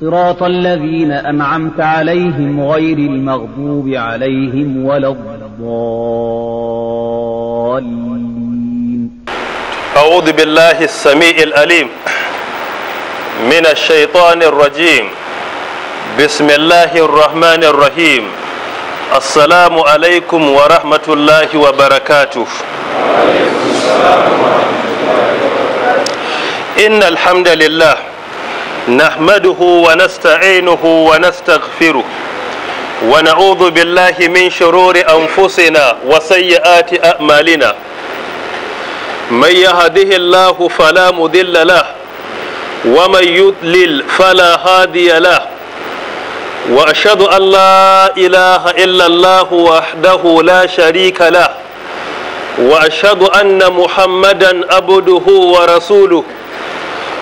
صراط الذين أنعمت عليهم غير المغضوب عليهم ولا الضالين أعوذ بالله السميع الأليم من الشيطان الرجيم بسم الله الرحمن الرحيم السلام عليكم ورحمة الله وبركاته إن الحمد لله نحمده ونستعينه ونستغفره ونعوذ بالله من شرور أنفسنا وسيئات أعمالنا من يهده الله فلا مذل له ومن يضلل فلا هادي له وأشهد أن لا إله إلا الله وحده لا شريك له وأشهد أن محمدا عبده ورسوله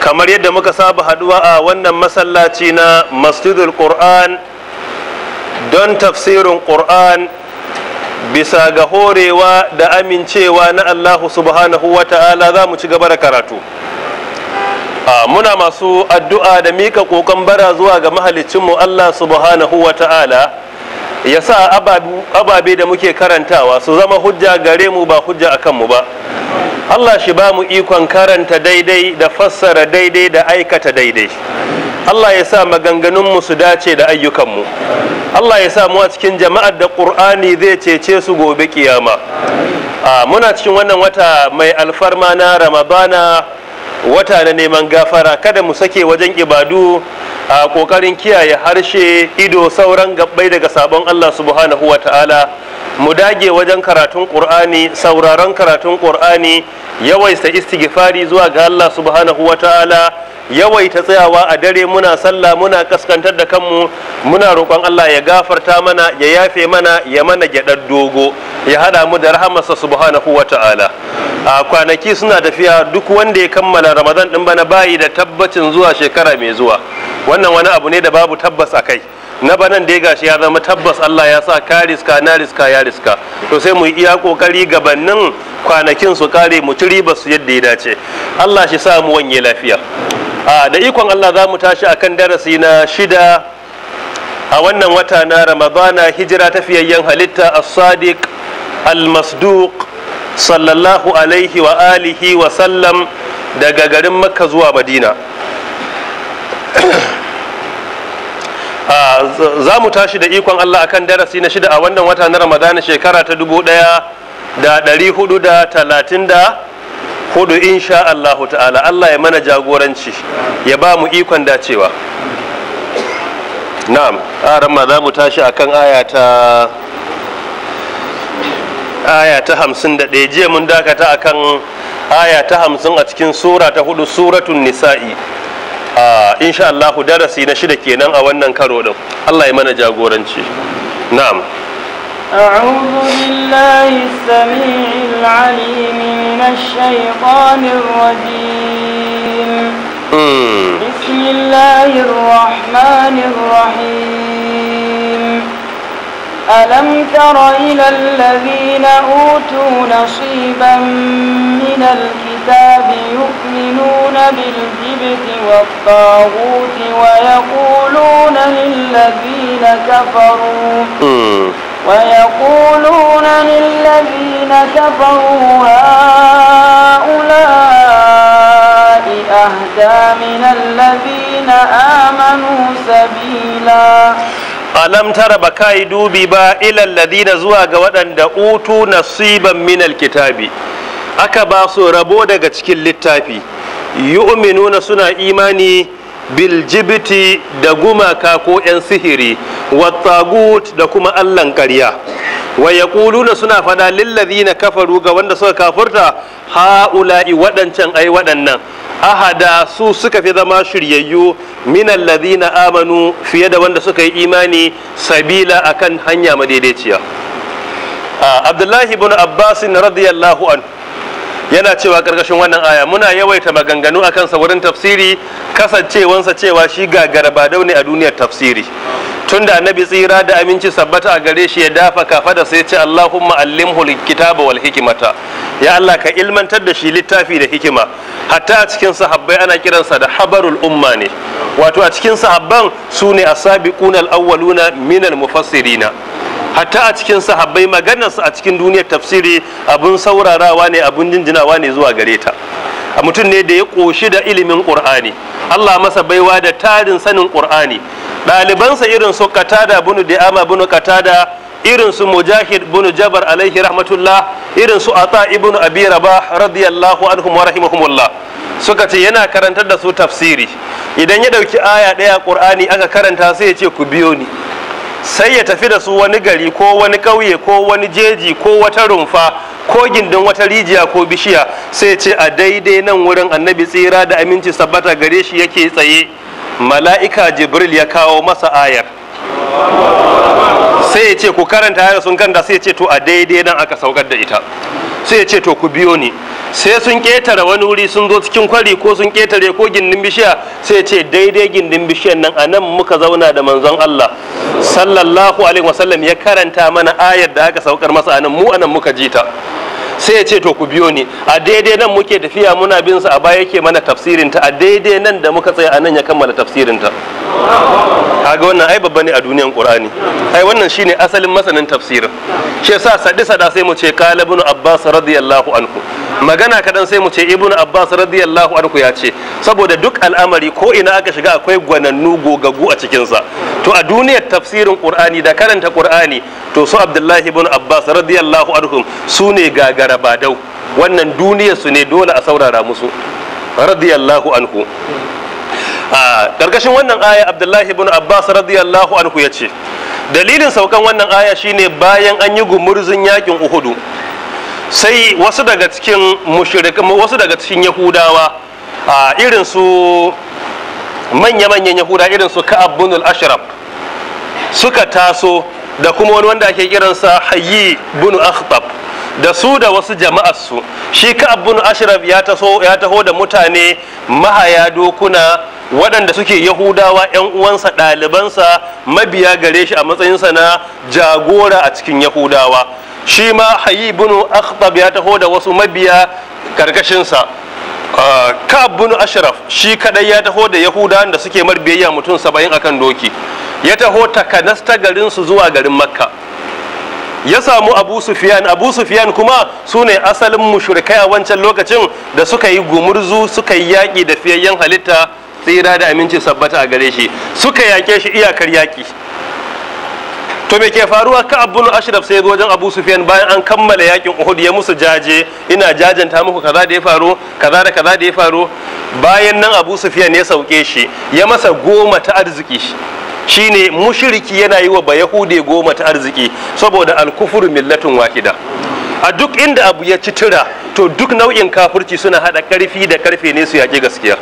kamar yadda muka saba haduwa a wannan masallaci na masjidul qur'an don tafsirin qur'an bisa ga horewa da amincewa na allahu subhanahu wa ta'ala za mu ci gaba da karatu muna masu addu'a da mika kokon bara zuwa ga mahaliccinmu allah subhanahu wa ta'ala ya sa ababe da muke karantawa su zama hujja gare mu ba hujja a kanmu ba Allah shi ba mu ikon karanta daidai da fassara daidai da aikata daidai Allah ya sa maganganunmu su dace da ayyukanmu Allah ya sa mu a cikin jama'ar da ƙur'ani zai cece su gobe kiyama muna cikin wannan wata mai alfarma na ramadana wata na neman gafara kada mu sake wajen ibadu a kokarin kiyaye harshe ido sauran gabbai daga sabon Allah subhanahu wa ta'ala mu dage wajen karatun qur'ani sauraron karatun qur'ani yawaita istighfari zuwa ga Allah subhanahu wa ta'ala yawaita tsayawa a dare muna sallah muna kaskantar da kanmu muna roƙon Allah ya gafarta mana ya yafe mana ya mana gyaɗar dogo ya hada mu da rahamarsa subhanahu wa ta'ala a kwanaki suna tafiya duk wanda ya kammala ramadan din bana bayi da tabbacin zuwa shekara mai zuwa wannan wani abu ne da babu tabbas a kai na banan da ya gashi ya zama tabbas Allah ya sa ka riska na riska ya riska to sai mu yi iya kokari gabanin kwanakin su kare mu ci riba su yadda ya dace Allah shi sa mu wanye lafiya a da ikon Allah za mu tashi akan darasi na shida a wannan wata na ramadana hijira ta fiyayyen halitta as-sadiq المصدوق صلى sallallahu alaihi wa alihi daga garin makka zuwa madina ah, za mu tashi da ikon allah akan darasi na shida a wannan wata na ramadana shekara ta dubu daya da dari hudu da talatin da hudu insha allahu ta'ala allah ya mana jagoranci ya ba mu ikon dacewa na'am a ah, ramadana za mu tashi akan aya ta aya ta hamsin da ɗaya jiya mun dakata akan aya ta hamsin a cikin sura ta hudu suratun nisa'i insha Allahu darasi na shida kenan a wannan karo ɗin Allah ya mana jagoranci na'am a'udhu billahi السميع 'alim minash الشيطان الرجيم hmm. bismillahir rahmanir الرحمن ألم تر إلى الذين أوتوا نصيبا من الكتاب يؤمنون بالجبت والطاغوت ويقولون للذين كفروا ويقولون للذين كفروا هؤلاء أهدى من الذين آمنوا سبيلا alam tara ba kai dubi ba ilal ladina zuwa ga waɗanda utu nasiban minal kitabi aka ba su rabo daga cikin littafi yu'minuna suna imani biljibiti da gumaka ko 'yan sihiri wattagut da kuma allan ƙarya wa yaquluna suna fada na kafaru ga wanda suka kafurta haula'i waɗancan ai waɗannan ahada su suka fi zama shiryayyu min na amanu fiye da wanda suka yi imani sabila akan hanya madaidaiciya ah, abdullahi ibn abbasin radiyallahu anhu yana cewa karkashin wannan aya muna yawaita maganganu a kansa wurin tafsiri kasancewansa cewa shi ga ba ne a duniyar tafsiri tun da annabi tsira da aminci sabbata a gare shi ya dafa kafa da sai ce allahumma allimhu kitaba wal hikimata ya allah ka ilmantar da shi littafi da hikima hatta a cikin sahabbai ana kiransa da habarul umma ne wato a cikin sahabban su ne asabiquna al-awwaluna minal mufassirina hatta a cikin sahabbai maganarsa a cikin duniya tafsiri abun saurarawa ne abun jinjinawa ne zuwa gare ta mutum ne da ya ƙoshi da ilimin ƙur'ani allah masa baiwa da tarin sanin ƙur'ani ɗalibansa irin su katada bunu ama bunu katada irin su mujahid bunu jabar alaihi rahmatullah irin su ata ibnu abi rabah radiyallahu anhum wa rahimahumullah suka ce yana karantar da su tafsiri idan ya ɗauki aya ɗaya ƙur'ani aka karanta sai ya ce ku biyo ni sai ya tafi da su wani gari ko wani ƙauye ko wani jeji ko wata rumfa ko gindin wata rijiya ko bishiya sai ce a daidai nan wurin annabi tsira da aminci sabbata gare shi yake tsaye mala'ika jibril ya kawo masa ayar sai ya ce ku karanta ya sun kanta sai ya ce to a daidai nan aka saukar da ita sai ya ce to ku biyo ni sai sun ketare wani wuri sun zo cikin kwari ko sun ketare ko gindin bishiya sai ya ce daidai gindin bishiyan nan a nan muka zauna da manzon Allah sallallahu alaihi wasallam ya karanta mana ayar da aka saukar masa a nan mu a nan muka ji ta sai ya ce to ku biyo ni a daidai nan muke tafiya muna bin sa a baya yake mana tafsirin ta a daidai nan da muka tsaya anan ya kammala tafsirin ta kaga wannan ai babba ne a duniyar qur'ani ai wannan shine asalin masanin tafsirin shi yasa sadi sada sai mu ce qala ibn abbas radiyallahu anhu magana kadan sai mu ce ibn abbas radiyallahu anhu ya ce saboda duk al'amari ko ina aka shiga akwai gwanannu gogagu a cikin sa to a duniyar tafsirin qur'ani da karanta qur'ani to su abdullahi ibn abbas radiyallahu anhu su ne gaga garabadau wannan duniyarsu ne dole a saurara musu radiyallahu anhu a ƙarƙashin wannan aya abdullahi ibn abbas radiyallahu anhu ya ce dalilin saukan wannan aya shine bayan an yi gumurzin yakin uhudu sai wasu daga cikin wasu daga cikin yahudawa a irin su manya-manyan yahuda irin su ka'ab bin ashraf suka taso da kuma wani wanda ake kiransa hayyi bin akhtab da su da wasu jama'arsu shi ka'ab ashraf ya taso ya taho da mutane mahaya dokuna waɗanda suke yahudawa 'yan uwansa ɗalibansa mabiya gare shi a matsayinsa na jagora a cikin yahudawa shi ma hayi akhtab ya taho da wasu mabiya karkashinsa ah, ka'ab ashraf shi kaɗai ya taho da yahudawan da suke marbiyayya mutum saba'in akan doki ya taho takanasta garinsu zuwa garin makka ya samu abu sufiyan abu sufiyan kuma su ne asalin mushrikai a wancan lokacin da suka yi gumurzu suka yi yaƙi da fiyayyen halitta tsira da aminci sabbata a gare shi suka yaƙe shi iyakar yaƙi to me ke faruwa ka abdul ashraf sai zo wajen abu sufyan bayan an kammala yakin uhud ya musu jaje ina jajanta muku kaza da ya faru kaza da kaza da ya faru bayan nan abu sufyan ya sauke shi ya masa goma ta arziki shine mushriki yana yi wa bayahude goma ta arziki saboda alkufur millatun wahida a duk inda abu ya ci tura to duk nau'in kafurci suna hada karfi da karfe ne su yaƙi gaskiya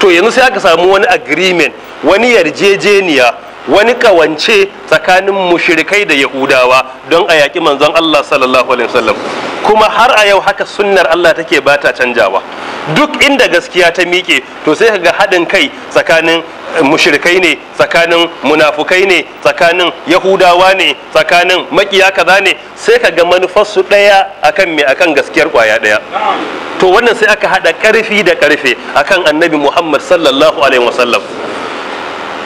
to yanzu sai aka samu wani agreement wani yarjejeniya wani kawance tsakanin mushrikai da yahudawa don a yaƙi manzon Allah sallallahu alaihi wasallam kuma har a yau haka sunnar Allah take bata canjawa duk inda gaskiya ta miƙe to sai ga haɗin kai tsakanin mushrikai ne tsakanin munafukai ne tsakanin yahudawa ne tsakanin makiya kaza ne sai ka ga manufarsu ɗaya akan me akan gaskiyar kwaya ɗaya to wannan sai aka haɗa ƙarfi da ƙarfe akan annabi muhammad sallallahu alaihi wasallam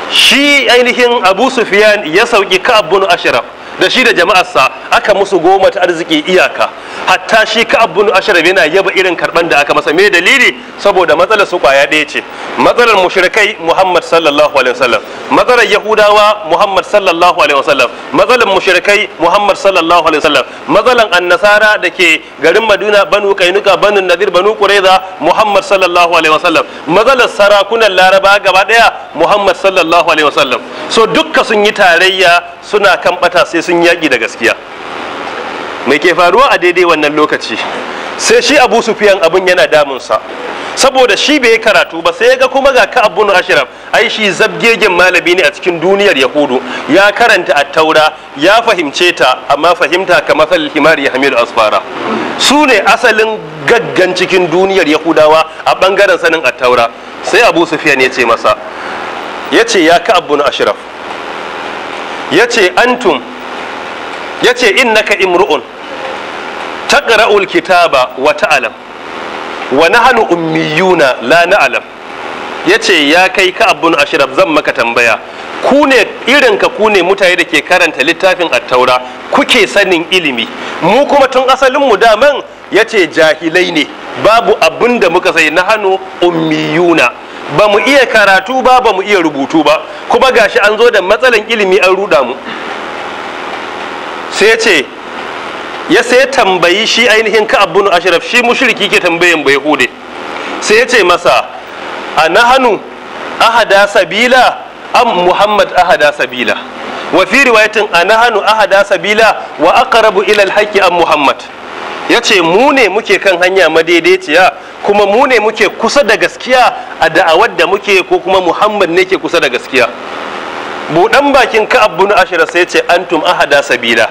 shi ainihin abu Sufiyan ya sauki ka bin ashraf da shi da jama'arsa aka musu goma ta arziki iyaka hatta shi ka abun ashraf yana yaba irin karban da aka masa me dalili saboda matsalar su kwaya ɗaya ce matsalar mushrikai muhammad sallallahu alaihi wasallam matsalar yahudawa muhammad sallallahu alaihi wasallam matsalar mushrikai muhammad sallallahu alaihi wasallam matsalar annasara da ke garin maduna banu kainuka banu nadir banu quraiza muhammad sallallahu alaihi wasallam matsalar sarakunan laraba gaba daya muhammad sallallahu alaihi wasallam so dukka sun yi tarayya suna kan bata sai sun yaƙi da gaskiya mai ke faruwa a daidai wannan lokaci sai shi abu sufiyan abin yana damunsa saboda shi bai karatu ba sai ga kuma ga ka abun ashraf ai shi zabgegen malami ne a cikin duniyar yahudu ya karanta taura ya fahimce ta amma fahimta kamar himar ya hamilu asfara su ne asalin gaggan cikin duniyar yahudawa a bangaren sanin taura sai abu sufiyan ya ce masa ya ce ya ka abun ashraf ya ce antum yace innaka imru'un taqra'ul kitaba wa ta'lam wa nahnu ummiyuna la na'lam yace ya kai ka abun ashraf zan maka tambaya ku ne irin ka ku ne mutane da ke karanta littafin attaura kuke sanin ilimi mu kuma tun asalin mu daman ya ce jahilai ne babu abin da muka sai na ummiyuna ba mu iya karatu ba ba mu iya rubutu ba kuma gashi an zo da matsalan ilimi an ruda mu sai ya ce ya sai tambayi shi ainihin ka abu ashraf shi mushriki ke tambayin bai hude sai ya ce masa a nahanu ahada sabila am muhammad ahada sabila wa fi riwayatin a nahanu ahada sabila wa aqrabu ilal alhaqi am muhammad ya ce mu ne muke kan hanya madaidaiciya kuma mu ne muke kusa da gaskiya a da'awar da muke ko kuma muhammad ne ke kusa da gaskiya buɗan bakin ka'ab bin ashira sai ce antum ahada sabila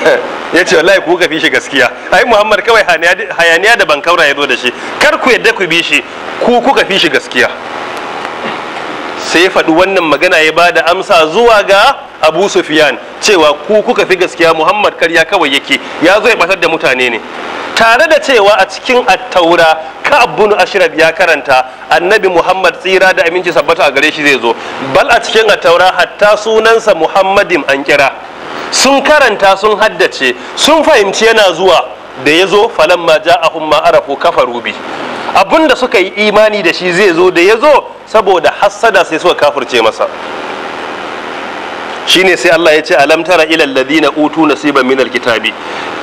ya ce wallahi ku ka fi shi gaskiya ai muhammad kawai hayaniya da bankaura ya zo da shi kar ku yadda ku bi shi ku kuka fi shi gaskiya sai ya faɗi wannan magana ya ba da amsa zuwa ga abu sufyan cewa ku kuka fi gaskiya muhammad karya kawai yake ya zo ya batar da mutane ne tare da cewa a cikin attaura ka abu ashraf ya karanta annabi muhammad tsira da aminci sabbata a gare shi zai zo bal a cikin attaura hatta sunansa muhammadin an kira sun karanta sun haddace sun fahimci yana zuwa da ya zo falamma ja'ahum ma arafu kafaru bi abinda suka yi imani da shi zai zo da ya zo saboda hassada sai suka kafirce masa Shi ne sai Allah ya ce alam tara ilal ladina utu nasiban minal kitabi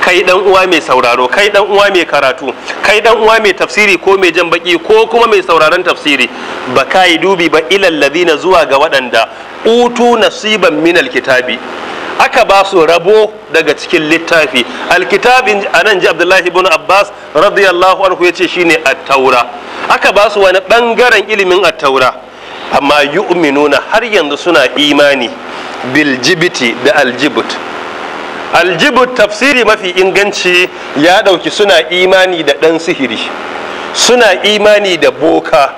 kai dan uwa mai sauraro kai dan uwa mai karatu kai dan uwa mai tafsiri ko mai jan baki ko kuma mai sauraron tafsiri ba kai dubi ba ilal ladina zuwa ga waɗanda utu nasiban minal kitabi aka ba su rabo daga cikin littafi alkitabin anan ji abdullahi ibn abbas radiyallahu anhu yace shine at-taura aka ba su wani bangaren ilimin at-taura amma yu'minuna har yanzu suna imani Biljibiti da aljibut aljibut tafsiri mafi inganci ya dauki suna imani da dan sihiri suna imani da boka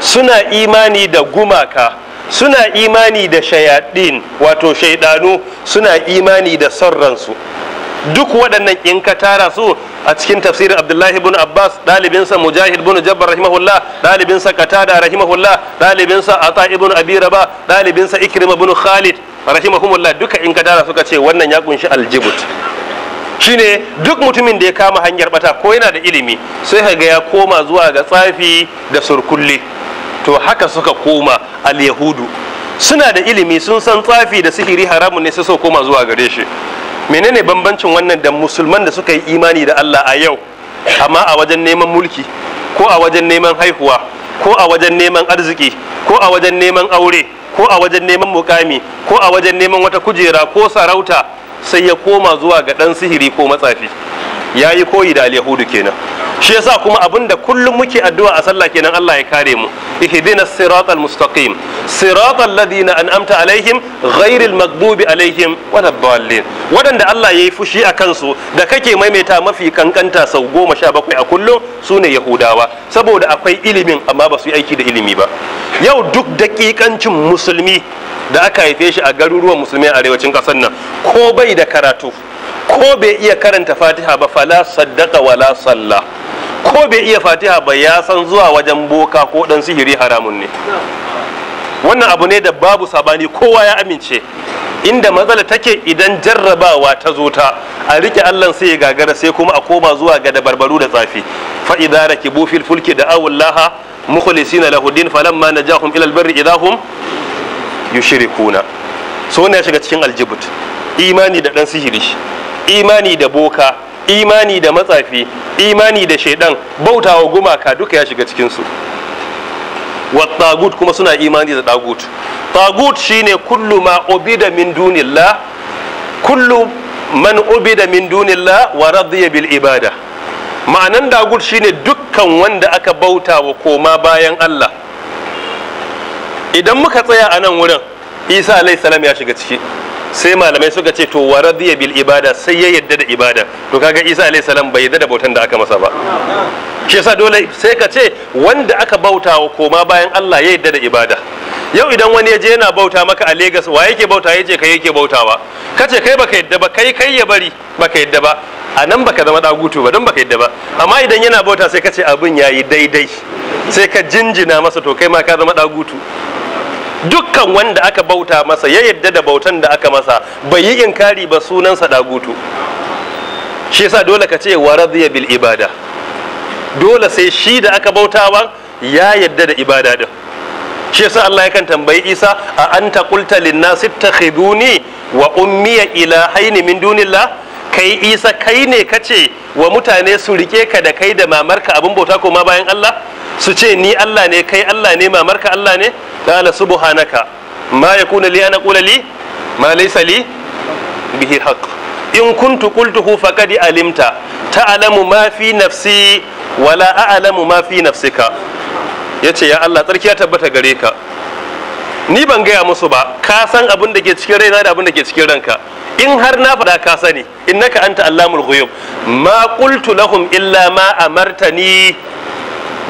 suna imani da gumaka suna imani da shayaɗin wato shaiɗanu suna imani da son duk waɗannan in ka tara su a cikin tafsirin abdullahi ibn abbas ɗalibinsa mujahid ibn jabbar rahimahullah ɗalibinsa qatada rahimahullah ɗalibinsa ata ibn abi raba ɗalibinsa ibn khalid rahimahumullah duka in ka tara suka ce wannan ya kunshi aljibut shine duk mutumin da ya kama hanyar bata ko yana da ilimi sai ka ga ya koma zuwa ga tsafi da surkulli to haka suka koma al suna da ilimi sun san tsafi da sihiri haramun ne sai su koma zuwa gare shi menene bambancin wannan da musulman da suka yi imani da Allah a yau amma a wajen neman mulki ko a wajen neman haihuwa ko a wajen neman arziki ko a wajen neman aure ko a wajen neman mukami ko a wajen neman wata kujera ko sarauta sai ya koma zuwa ga dan sihiri ko matsafi ya yi koyi da alyahudu kenan shi yasa kuma abin da kullum muke addu'a a sallah kenan Allah ya kare mu ihdina siratal mustaqim siratal ladina an'amta alaihim ghairil maghdubi alaihim waladdallin wadanda Allah yayi fushi a kansu da kake maimaita mafi kankanta sau goma sha bakwai a kullum sune yahudawa saboda akwai ilimin amma ba su yi aiki da ilimi ba yau duk daƙiƙancin musulmi da aka haife shi a garuruwan musulmi a arewacin kasar nan ko bai da karatu ko bai iya karanta fatiha ba fala saddaka wala Sallah, ko bai iya fatiha ba ya san zuwa wajen boka ko dan sihiri haramun ne wannan abu ne da babu sabani kowa ya amince inda matsala take idan jarrabawa ta zo ta a rike allan sai ya gagara sai kuma a koma zuwa ga dabarbaru da tsafi fa idza rakibu fil fulki da awullaha mukhlisina lahu din falamma najahum ila albarri idahum yushrikuna so ne shiga cikin aljibut imani da dan sihiri imani da boka imani da matsafi imani da shaidan bautawa gumaka duka ya shiga cikinsu tagut kuma suna imani da tagut tagut shine kullu ma ubida min dunillah kullu man ubida min dunillah wa radiya bil ibada ma'anan tagut shine dukkan wanda aka bauta wa koma bayan Allah idan muka tsaya a nan wurin Isa alayhi salam ya shiga ciki sai malamai suka ce to wa radiya bil ibada sai ya yadda da ibada to kaga Isa alayhi salam bai yadda da bautan da aka masa ba shi yasa dole sai ka ce wanda aka bauta wa koma bayan Allah ya yadda da ibada yau idan wani ya je yana bauta maka a Legas wa yake bauta yace kai yake bautawa ka ce kai baka yadda ba kai kai ya bari baka yadda ba a nan baka zama gutu ba dan baka yadda ba amma idan yana bauta sai ka ce abin yayi daidai sai ka jinjina masa to kai ma ka zama dagutu dukkan wanda aka bauta masa ya yadda da bautan da aka masa bai yi inkari ba sunansa dagutu shi yasa dole ka ce wa radiya bil ibada dole sai shi da aka bautawa ya yadda da ibada din shi yasa Allah kan tambayi Isa a anta qulta lin nas ittakhiduni wa ummiya ilahaini min dunillah kai isa kai ne ka ce wa mutane su rike ka da kai da mamarka abin bauta ko ma bayan Allah su ce ni Allah ne kai Allah ne mamarka Allah ne qala subhanaka ma yakuna li an aqula li ma laysa li bihi haqq in kuntu qultuhu faqad alimta ta'lamu ma fi nafsi wala a'lamu ma fi nafsika yace ya Allah tsarki ya tabbata gare ka ni ban gaya musu ba ka san abin da ke cikin raina da abin da ke cikin ranka in har na faɗa ka sani innaka anta allamul ghuyub ma qultu lahum illa ma amartani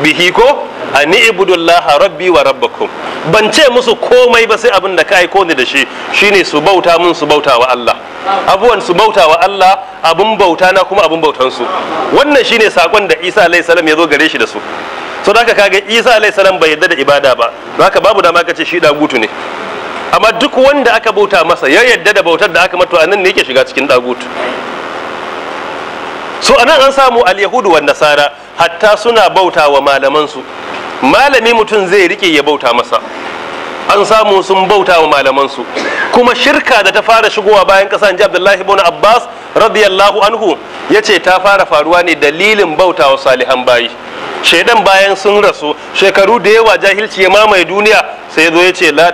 bihi ko ani ibudullaha rabbi wa rabbakum ban ce musu komai ba sai abin da ka aiko ni da shi shine su bauta mun su bauta wa Allah abuwan su bauta wa Allah abun bauta na kuma abun bautan su wannan shine sakon da Isa alayhi salam ya zo gare shi da su so ka ga Isa alayhi salam bai yarda da ibada ba haka babu dama kace shi da gutu ne amma duk wanda aka bauta masa ya yadda da bautar da aka mato nan ne yake shiga cikin dagut so anan an samu alyahudu wa nasara hatta suna bauta wa malamansu malami mutum zai rike ya bauta masa an samu sun bauta wa malamansu kuma shirka da ta fara shigowa bayan kasan ji abdullahi ibn abbas radiyallahu anhu ya ce ta fara faruwa ne dalilin bautawa salihan bayi shedan bayan sun rasu shekaru da yawa jahilci ya mamaye duniya sai zo ya ce la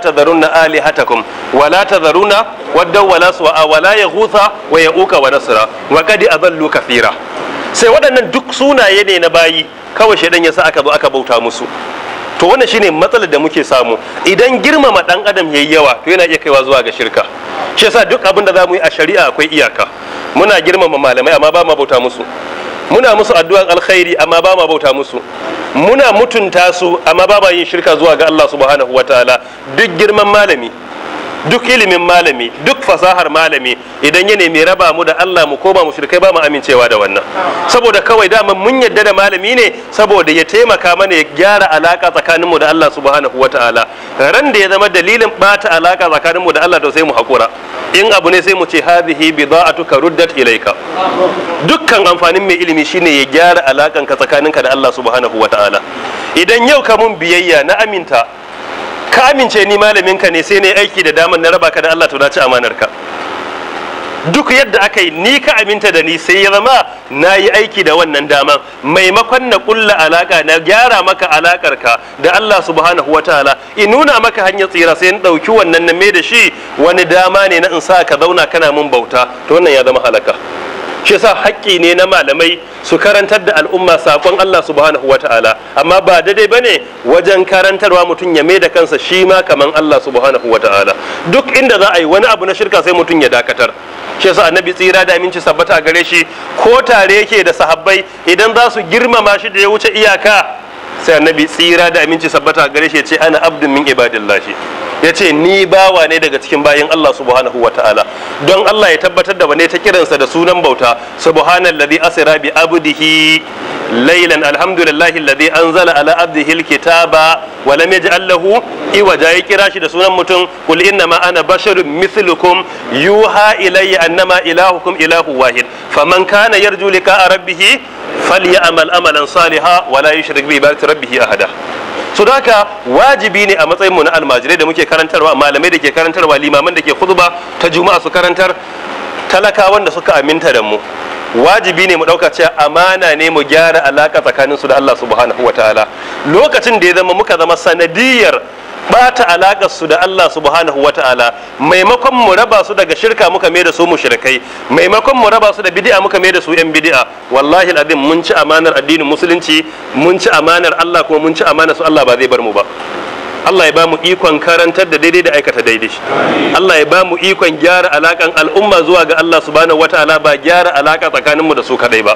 Ali hatakum wa la tadharuna wadda wa la suwa wa ya yaghutha wa yauka wa nasra wa qad adallu sai waɗannan duk sunaye ne na bayi kawai shedan ya sa aka zo aka bauta musu to wannan shine matsalar da muke samu idan girmama dan adam yayi yawa to yana iya kaiwa zuwa ga shirka shi yasa duk abin da zamu yi a shari'a akwai iyaka muna girmama malamai amma ba ma bauta musu muna musu addu'an alkhairi amma ba ma bauta musu muna mutunta su amma ba ma yin shirka zuwa ga Allah subhanahu wataala duk girman malami duk ilimin malami duk fasahar malami idan ya nemi raba mu da Allah mu ko ba mu shirkai ba mu amincewa da wannan saboda kawai dama mun yadda da malami ne saboda ya taimaka mana ya gyara alaka tsakanin mu da Allah subhanahu wataala ran da ya zama dalilin bata alaka tsakanin mu da Allah to sai mu hakura in abu ne sai mu ce hadhihi bida'atuka ruddat ilayka dukkan amfanin mai ilimi shine ya gyara alakan ka tsakaninka da Allah subhanahu wataala idan yau ka mun biyayya na aminta ka amince ni ka ne sai ne aiki da damar na raba ka da Allah to na ci amanar ka duk yadda aka yi ni ka aminta da ni sai ya zama na yi aiki da wannan damar. maimakon na kulla alaka na gyara maka alakar ka da Allah subhanahu wataala in nuna maka hanyar tsira sai na ɗauki wannan na mai da shi wani dama ne na in sa ka zauna kana mun bauta to wannan ya zama halaka shi yasa haƙƙi ne na malamai su karantar da al'umma saƙon Allah subhanahu ta'ala amma ba daidai ne wajen karantarwa mutum ya mai da kansa shi ma kaman Allah subhanahu ta'ala duk inda za a yi wani abu na shirka sai mutum ya dakatar shi yasa annabi tsira da aminci sabbata gare shi ko tare yake da sahabbai idan za su girmama shi da ya wuce iyaka sai annabi tsira da aminci sabbata gare shi ya ce ana abdun min ibadillahi ya ce ni bawa ne daga cikin bayin Allah subhanahu wa ta'ala don Allah ya tabbatar da wane ta kiransa da sunan bauta subhanallazi asira bi abdihi laylan alhamdulillahi allazi anzala ala abdihi alkitaba wa lam yaj'al lahu iwaja ya kira shi da sunan mutum kul inna ma ana basharun mithlukum yuha ilayya annama ilahukum ilahu wahid faman kana yarju liqa rabbih falyamal amalan salihan wa la yushrik bi ibadati rabbih ahada so da haka wajibi ne a matsayin mu na almajirai da muke karantarwa malamai da ke karantarwa limaman da ke khutba ta juma'a su karantar talakawan da suka aminta da mu wajibi ne mu ɗauka cewa amana ne mu gyara alaka tsakanin su da Allah subhanahu wataala lokacin da ya zama muka zama sanadiyar bata alakar su da Allah subhanahu wata'ala maimakon mu raba su daga shirka muka mai da su mushrikai maimakon mu raba su da bid'a muka mai da su yan bid'a wallahi alazim mun ci amanar addinin musulunci mun ci amanar Allah kuma mun ci amanar su Allah ba zai bar mu ba Allah ya ba mu ikon karantar da daidai da aikata daidai Allah ya ba mu ikon gyara alakan al'umma zuwa ga Allah subhanahu wataala ba gyara alaka tsakaninmu da su kadai ba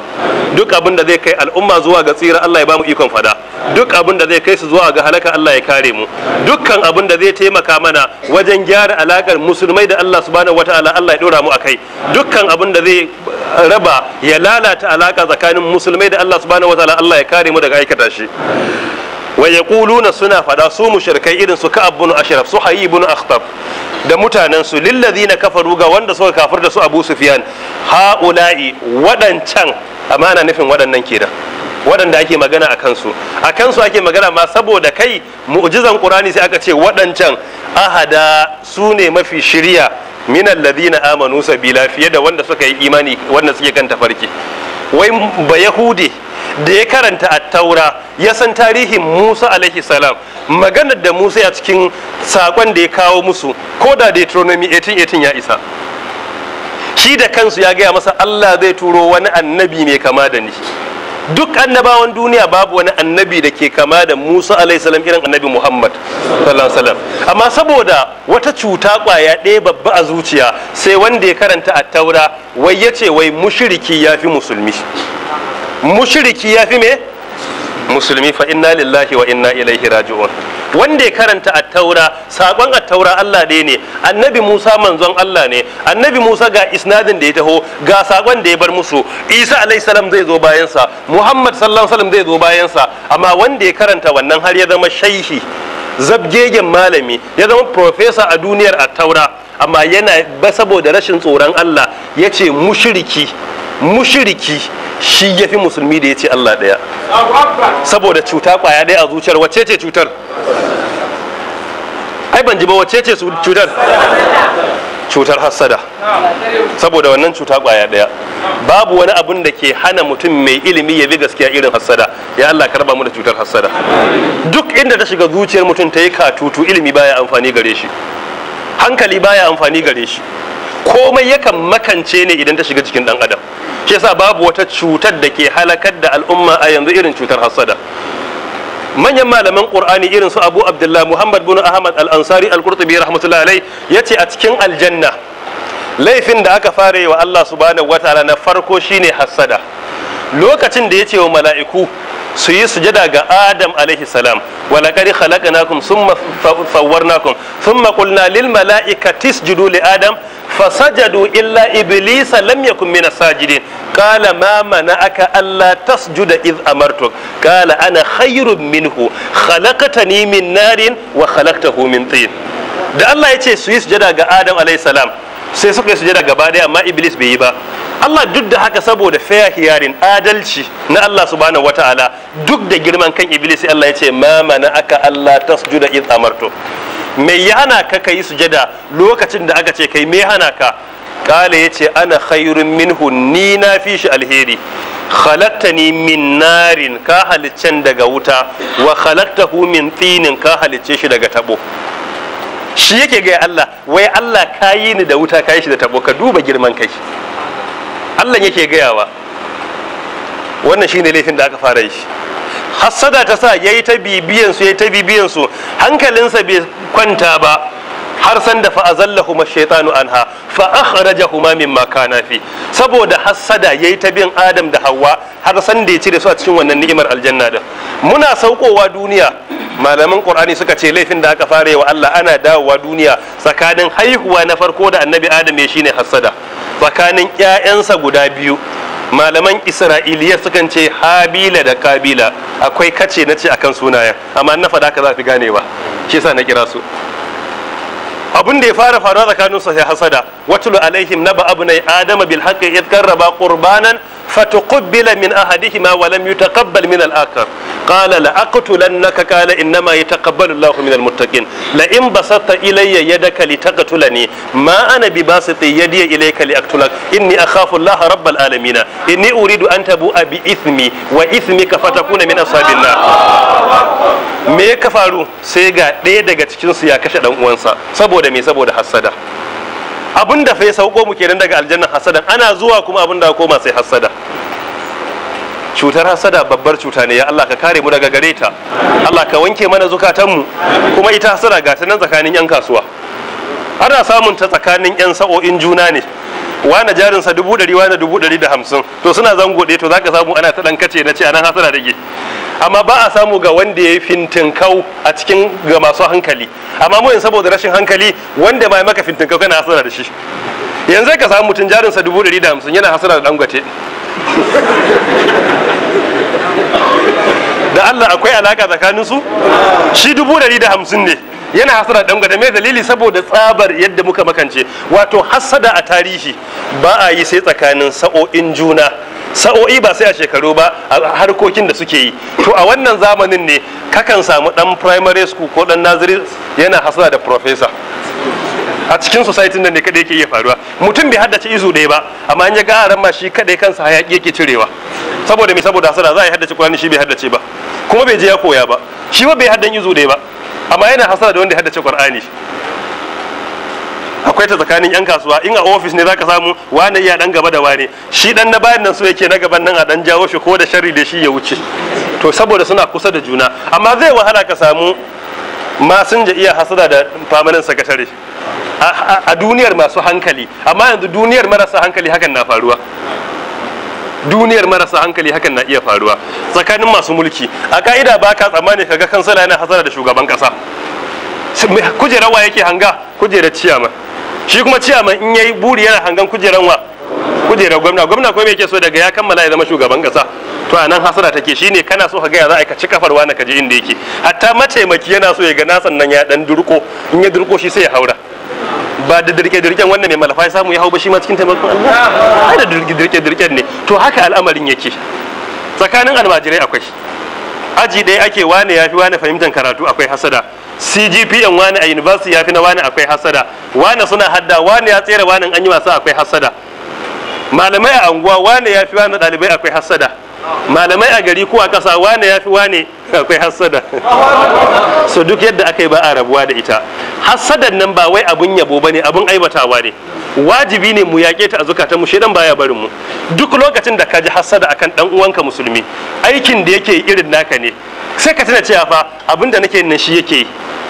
duk abin da zai kai al'umma zuwa ga tsira Allah ya ba mu ikon fada duk abin da zai kai su zuwa ga halaka Allah ya kare mu dukkan abin da zai taimaka mana wajen gyara alakar musulmai da Allah subhanahu wataala Allah ya dora mu akai dukkan abin da zai raba ya lalata alaka tsakanin musulmai da Allah subhanahu wataala Allah ya kare mu daga aikata shi wa yaquluna suna fada su mushrikai irin su Ka'ab ibn Ashraf su Hayy ibn Akhtab da mutanen su lillazina kafaru ga wanda suka kafir da su Abu Sufyan haula'i wadancan amana nufin waɗannan kenan waɗanda ake magana a kansu a kansu ake magana ma saboda kai mu'jizan qur'ani sai aka ce waɗancan ahada su ne mafi shirya min alladhina amanu sabila fiye da wanda suka yi imani wanda suke kan tafarki wai ba yahudi da ya karanta attaura ya san tarihin musa alaihi salam maganar da musa a cikin sakon da ya kawo musu ko da deuteronomy 18:18 ya isa shi da kansu ya gaya masa allah zai turo wani annabi mai kama da ni duk annabawan duniya babu wani annabi da ke kama da musa alaihissalam irin annabi muhammad sallallahu amma saboda wata cuta kwaya ɗaya babba a zuciya sai wanda ya karanta a taura wai ya ce wai mushiriki ya fi musulmi mushiriki ya fi me musulmi fa inna lillahi wa inna ilaihi raji'un wanda ya karanta attaura sakon attaura Allah ɗaya ne annabi Musa manzon Allah ne annabi Musa ga isnadin da ya taho ga sakon da ya bar musu Isa alaihi salam zai zo bayan sa Muhammad sallallahu alaihi wasallam zai zo bayan sa amma wanda ya karanta wannan har ya zama shaihi zabgegen malami ya zama profesa a duniyar attaura amma yana ba saboda rashin tsoron Allah ya ce mushriki mushiriki shi ya fi musulmi da ya ce Allah ɗaya saboda cuta ƙwaya ɗaya a zuciyar wacce ce cutar ai ban ji ba wacce ce cutar cutar hassada saboda wannan cuta ƙwaya ɗaya babu wani abun da ke hana mutum mai ilimi ya bi gaskiya irin hassada ya Allah karba mu da cutar hassada duk inda ta shiga zuciyar mutum ta yi katutu ilimi baya amfani gare shi hankali baya amfani gare shi komai yakan makance ne idan ta shiga cikin dan adam shi yasa babu wata cutar da ke halakar da al'umma a yanzu irin cutar hassada manyan malaman qur'ani irin su abu abdullah muhammad bin ahmad al-ansari al-qurtubi rahmatullahi alai yace a cikin aljanna laifin da aka fara yi wa Allah subhanahu wataala na farko shine hassada lokacin da yace wa mala'iku su yi sujada ga adam alaihi salam wala qad khalaqnakum thumma sawwarnakum thumma qulna lil mala'ikati isjudu li adam fasajadu illa iblisa lam yakun min sajidin kala ma aka allah tasjuda iz amartuk kala ana khairun minhu khalaqtani min narin wa khalaqtahu min tin da Allah ya ce su yi sujada ga Adam alaihi salam sai suka yi sujada gaba daya amma iblis bai yi ba Allah duk da haka saboda fair hearing adalci na Allah subhanahu wataala duk da girman kan iblis sai Allah ya ce ma mana aka Allah tasjuda id amartu me ya hana ka kai sujada lokacin da aka ce kai me hana ka kale yace ana khairun minhu ni na fi shi alheri khalaqtani min narin ka halicen daga wuta wa khalaqtahu min tinin ka halicce shi daga tabo shi yake gaya Allah wai Allah ka yi ni da wuta ka yi shi da tabo ka duba girman kai Allah yake gayawa wannan shine laifin da aka fara shi. hassada ta sa yayi ta bibiyan su yayi ta bibiyan su hankalinsa bai kwanta ba har san da ma shaitanu anha fa akhrajahuma min kana fi saboda hassada yi ta bin adam da hawa har san da ya cire su a cikin wannan ni'imar aljanna da muna saukowa duniya malaman qur'ani suka ce laifin da aka fara yi wa Allah ana dawowa duniya tsakanin haihuwa na farko da annabi adam ya shine hassada tsakanin ƴaƴansa guda biyu malaman isra'iliya sukan ce habila da kabila akwai kace na ce akan sunayen amma na faɗa ka za fi gane shi yasa na kira su abun da ya fara faruwa tsakanin su sai hasada watulu alaihim naba abnai adama bil haqqi id qarraba qurbanan فتقبل من أحدهما ولم يتقبل من الآخر قال لأقتلنك قال إنما يتقبل الله من المتقين لئن بسطت إلي يدك لتقتلني ما أنا بباسط يدي إليك لأقتلك إني أخاف الله رب العالمين إني أريد أن تبوء بإثمي وإثمك فتكون من أصحاب النار me ya faru sai ga ɗaya daga cikinsu ya kashe ɗan uwansa saboda me saboda hassada abin da fai sauko mu kenan daga aljannan hasadan ana zuwa kuma abin da koma sai hasada cutar hasada babbar cuta ne ya Allah ka kare mu daga gare ta Allah ka wanke mana zukatanmu kuma ita hasada ga ta nan tsakanin yan kasuwa ana samun ta tsakanin yan sa'o'in juna ne wani jarinsa dubu ɗari wani dubu ɗari da hamsin to suna zango ɗaya to zaka samu ana ta kace na ce anan hasara rage amma ba a samu ga wanda ya yi fintinkau a cikin ga masu hankali amma mu saboda rashin hankali wanda ma maka fintinkau kana hasara da shi yanzu ka samu mutum jarinsa dubu ɗari da hamsin yana hasara da dangote da Allah akwai alaka tsakaninsu shi dubu ɗari da hamsin ne yana hasada dan gwada me dalili saboda tsabar yadda muka makance wato hasada a tarihi ba a yi sai tsakanin sa'o'in juna sa'o'i ba sai a shekaru ba a harkokin da suke yi to a wannan zamanin ne kakan samu dan primary school ko dan naziri yana hasada da professor a cikin society nan ne kadai yake iya faruwa mutum bai haddace izu ɗaya ba amma an ya ga aran ma shi kadai kansa hayaki yake cirewa saboda me saboda hasada za a yi haddace kwani shi bai haddace ba kuma bai je ya koya ba shi ba bai haddan izu ɗaya ba amma yana hasara da wanda ya haddace qur'ani akwai ta tsakanin yan kasuwa in a ofis ne zaka samu wani iya dan gaba da wani shi dan na bayan nan so yake na gaban nan a dan jawo shi ko da sharri da shi ya wuce to saboda suna kusa da juna amma zai wahala ka samu masinja iya hasada da famanin sakatare a duniyar masu hankali amma yanzu duniyar marasa hankali hakan na faruwa duniyar marasa hankali hakan na iya faruwa tsakanin masu mulki a ka'ida ba ka tsammani ga kansala yana hasara da shugaban kasa kujerar wa yake hanga kujerar ciyama shi kuma ciyama in yayi buri yana hangan kujerar wa kujerar gwamna gwamna kuma yake so daga ya kammala ya zama shugaban kasa to anan hasara take shine kana so ka ga za a ka kafar wani na kaje inda yake hatta mataimaki yana so ya ga nasan nan ya dan durko in ya durko shi sai ya haura ba da dirke dirken wannan mai malafa ya samu ya hau ba shi ma cikin taimakon Allah ai da dirke dirken ne to haka al'amarin yake tsakanin almajirai akwai aji ɗaya ake wane ya fi wane fahimtar karatu akwai hasada cgpn wane a university ya fi na wane akwai hasada wane suna hadda wane ya tsere wane an yi wasa akwai hasada malamai a anguwa wane ya fi wane ɗalibai akwai hasada malamai a gari ko a ƙasa wane ya fi wane haka akwai hassada so duk yadda aka yi ba a rabuwa da ita hassadan nan ba wai abun yabo bane abun aibatawa ne wajibi ne mu yaƙe ta a zukatan mu shedan baya barin mu duk lokacin da ka ji hassada akan dan uwanka musulmi aikin da yake irin naka ne sai ka tana cewa fa abin da nake nan shi yake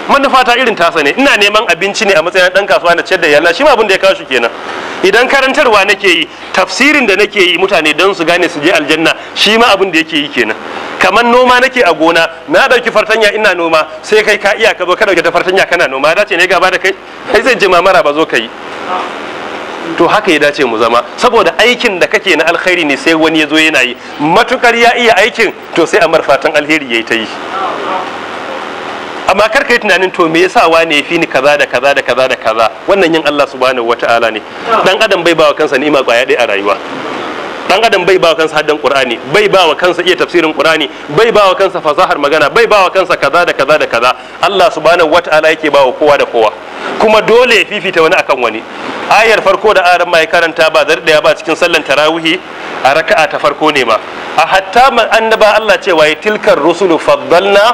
manufa ta irin tasa ne ina neman abinci ne a matsayin dan kasuwa na ciyar da yalla shi ma abin da ya kawo kenan idan karantarwa nake yi tafsirin da nake yi mutane don su gane su je aljanna shi ma abin da yake yi kenan kamar noma nake a gona na dauki fartanya ina noma sai kai ka iya ka zo ka dauki ta fartanya kana noma dace ne gaba da kai kai zai je mamara ba zo ka yi to haka ya dace mu zama saboda aikin da kake na alkhairi ne sai wani ya zo yana yi matukar ya iya aikin to sai a marfatan alheri ya ta yi amma kar ka yi tunanin to me yasa wane ya fi ni kaza da kaza da kaza da kaza wannan yin Allah subhanahu wata'ala ne dan adam bai bawa kansa ni'ima kwaya dai a rayuwa dan adam bai bawa kansa haddan qur'ani bai bawa kansa iya tafsirin qur'ani bai bawa kansa fasahar magana bai bawa kansa kaza da kaza da kaza Allah subhanahu wata'ala yake bawa kowa da kowa kuma dole ya fifita wani akan wani ayar farko da aran mai karanta ba zardaya ba cikin sallan tarawihi a raka'a ta farko ne ma a hatta man annaba Allah cewa ya tilkar rusulu faddalna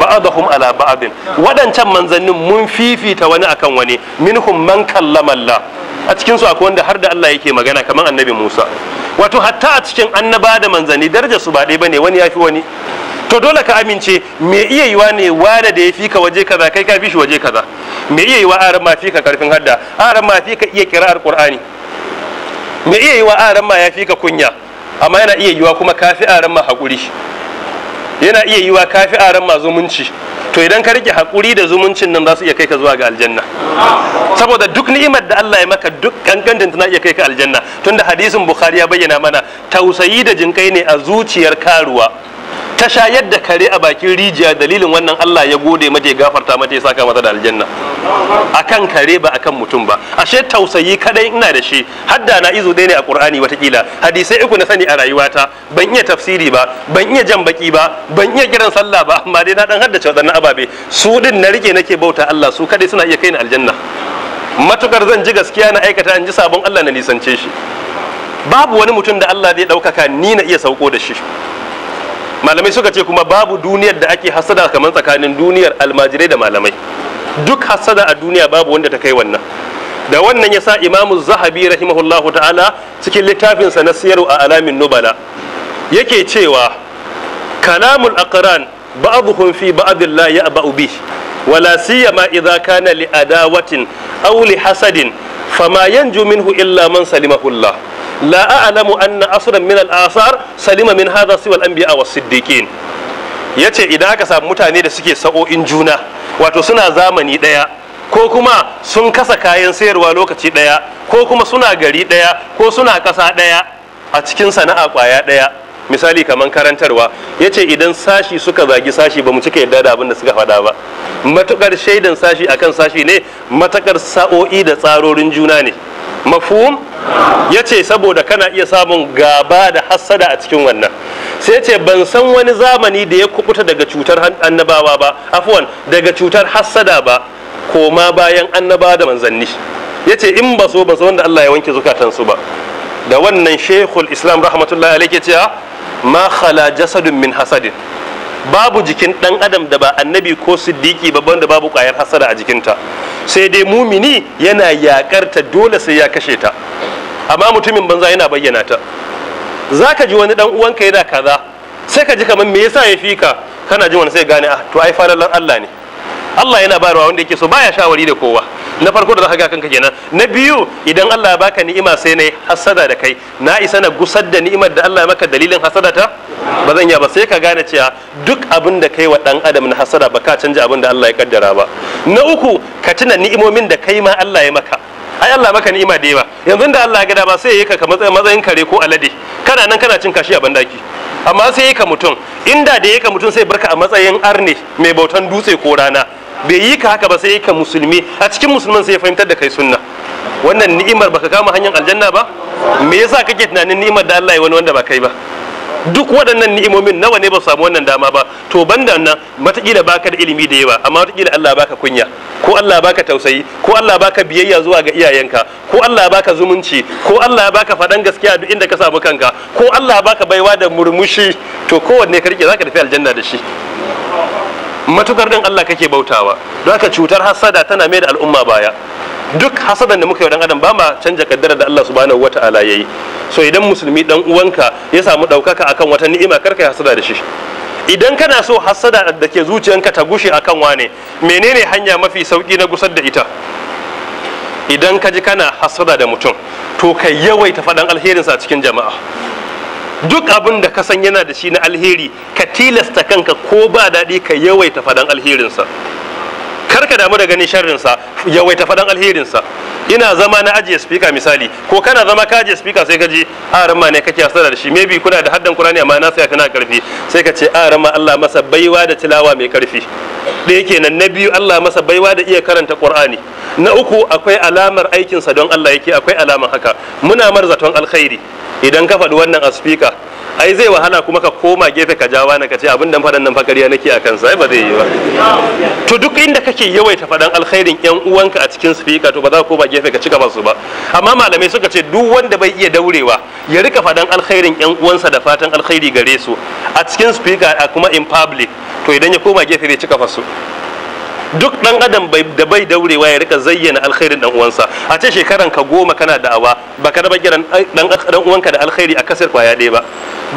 ba'dahum ala ba'adin wadancan manzannin mun fifita wani akan wani minhum man kallama Allah a cikin su akwai wanda har da Allah yake magana kamar annabi Musa wato hatta a cikin annaba da manzanni daraja su ba ɗaya bane wani yafi wani to dole ka amince me iya yiwa ne wada da ya fi ka waje kaza kai ka fi shi waje kaza me iya yiwa aran fi ka karfin hadda aran fi ka iya kira'ar qur'ani Mai iya wa aran ma ya fi ka kunya amma yana iya yi wa kuma kafi aran ma haƙuri yana iya yi wa kafi aran ma zumunci to idan ka rike hakuri da zumuncin nan za su iya kai ka zuwa ga aljanna saboda duk ni'imar da Allah ya maka duk kankantin tana iya kai ka aljanna tunda hadisin bukhari ya bayyana mana tausayi da jinkai ne a zuciyar karuwa ta sha yadda kare a bakin rijiya dalilin wannan Allah ya gode mata ya gafarta mata ya saka mata da aljanna akan kare ba akan mutum ba ashe tausayi kadai ina da shi hadda na izo ɗaya ne a Qur'ani watakila hadisai uku na sani a rayuwata ban iya tafsiri ba ban iya jan baki ba ban iya kiran sallah ba amma dai na dan haddace waɗannan ababe su din na rike nake bauta Allah su kadai suna iya kai ni aljanna matukar zan ji gaskiya na aikata in ji sabon Allah na nisance shi babu wani mutum da Allah zai ɗaukaka ni na iya sauko da shi malamai suka ce kuma babu duniyar da ake hasada kamar tsakanin duniyar almajirai da malamai duk hasada a duniya babu wanda ta kai wannan da wannan ya sa imamu zahabi rahimahullahu ta'ala cikin littafinsa na siyaru a alamin nubala yake cewa kalamul aqran ba'dhum fi ba'd ya'ba'u bi wala siyama idza kana li adawatin aw li hasadin fama yanju minhu illa man salimahullah la a'lamu anna asran min al-asar salima min hadha siwa a anbiya yace idan aka samu mutane da suke sa'o'in juna wato suna zamani ɗaya ko kuma sun kasa kayan sayarwa lokaci ɗaya ko kuma suna gari ɗaya ko suna kasa ɗaya a cikin sana'a kwaya ɗaya. misali kamar karantarwa ya ce idan sashi suka zagi sashi ba mu cika yadda da abin da suka faɗa ba matukar shaidan sashi akan sashi ne matukar sa'o'i da tsarorin juna ne mafhum ya ce saboda kana iya samun gaba da hassada a cikin wannan sai ya ce ban san wani zamani da ya kubuta daga cutar annabawa ba afuwan daga cutar hassada ba koma bayan annabawa da manzanni ya ce in ba so ba so wanda Allah ya wanke zukatansu ba da wannan shekul islam rahmatullahi alaihi ma khala jasadun min hasadin babu jikin ɗan adam da ba annabi ko siddiqi ba banda babu kwayar hasada a jikinta sai dai mumini yana yakar ta dole sai ya kashe ta amma mutumin banza yana bayyana ta zaka ji wani dan uwanka yana kaza sai ka ji kamar me yasa ya fi ka kana jin wani sai gane ah to ai falalar Allah ne Allah yana bayarwa wanda yake so baya shawari da kowa na farko da za ka ga kanka kenan na biyu idan Allah ya baka ni'ima sai na hasada da kai na isa na gusar da ni'imar da Allah ya maka dalilin hasada ta ba zan ya ba sai ka gane cewa duk abin da kai wa dan adam na hasada ba ka canja abin da Allah ya kaddara ba na uku ka tuna ni'imomin da kai ma Allah ya maka ai Allah maka ni'ima da yawa yanzu da Allah ya gada ba sai yayi ka matsayin kare ko alade kana nan kana cin kashi a bandaki amma sai yayi ka mutum inda da yayi ka mutum sai barka a matsayin arne mai bautan dutse ko rana bai yi ka haka ba sai ka musulmi a cikin musulman sai ya fahimtar da kai sunna wannan ni'imar baka kama hanyar aljanna ba me yasa kake tunanin ni'imar da Allah ya wani wanda ba kai ba duk waɗannan ni'imomin nawa ne ba samu wannan dama ba to banda nan matakila baka da ilimi da yawa amma matakila Allah baka kunya ko Allah baka tausayi ko Allah baka biyayya zuwa ga iyayenka ko Allah baka zumunci ko Allah baka faɗan gaskiya duk inda ka samu kanka ko Allah baka baiwa da murmushi to kowanne ka rike zaka tafi aljanna da shi matukar din Allah kake bautawa don haka cutar hasada tana mai da al'umma baya duk hasadan da muka yi adam ba ma canja kaddara da Allah subhanahu ya yayi so idan musulmi dan uwanka ya samu daukaka akan wata ni'ima karka ya hasada da shi idan kana so hasada da ke zuciyanka ta gushe akan wane menene hanya mafi sauki na gusar da ita idan ka ji kana hasada da mutum to ka yawaita faɗan alherinsa a cikin jama'a duk abin da ka san yana da shi na alheri ka tilasta kanka ko ba daɗi ka yawaita fadan alherinsa kar ka damu da ganin sharrinsa yawaita faɗan alherinsa ina zama na ajiye speaker misali ko kana zama ka ajiye speaker sai ka ji aran ne kake hasara da shi maybe kuna da haddan kurani amma na sai kana karfi sai ka ce arama Allah masa baiwa da tilawa mai karfi da yake nan na biyu Allah masa baiwa da iya karanta qur'ani na uku akwai alamar aikinsa don Allah yake akwai alamar haka muna marzaton alkhairi idan ka faɗi wannan a speaker ai zai wahala kuma ka koma gefe ka jawa na ka ce abin da faɗan nan fakariya nake a kansa ai ba zai yi ba to duk inda kake yawaita faɗan alkhairin yan uwanka a cikin sifika to ba za ko koma gefe ka cika su ba amma malamai suka ce duk wanda bai iya daurewa ya rika faɗan alkhairin yan uwansa da fatan alkhairi gare su a cikin sifika a kuma in public to idan ya koma gefe zai cika su duk dan adam da bai daurewa ya rika zayyana alkhairin dan uwansa a ce shekaran ka goma kana da'awa baka raba kiran eh, dan dan uwanka da alkhairi a kasar kwaya ɗaya ba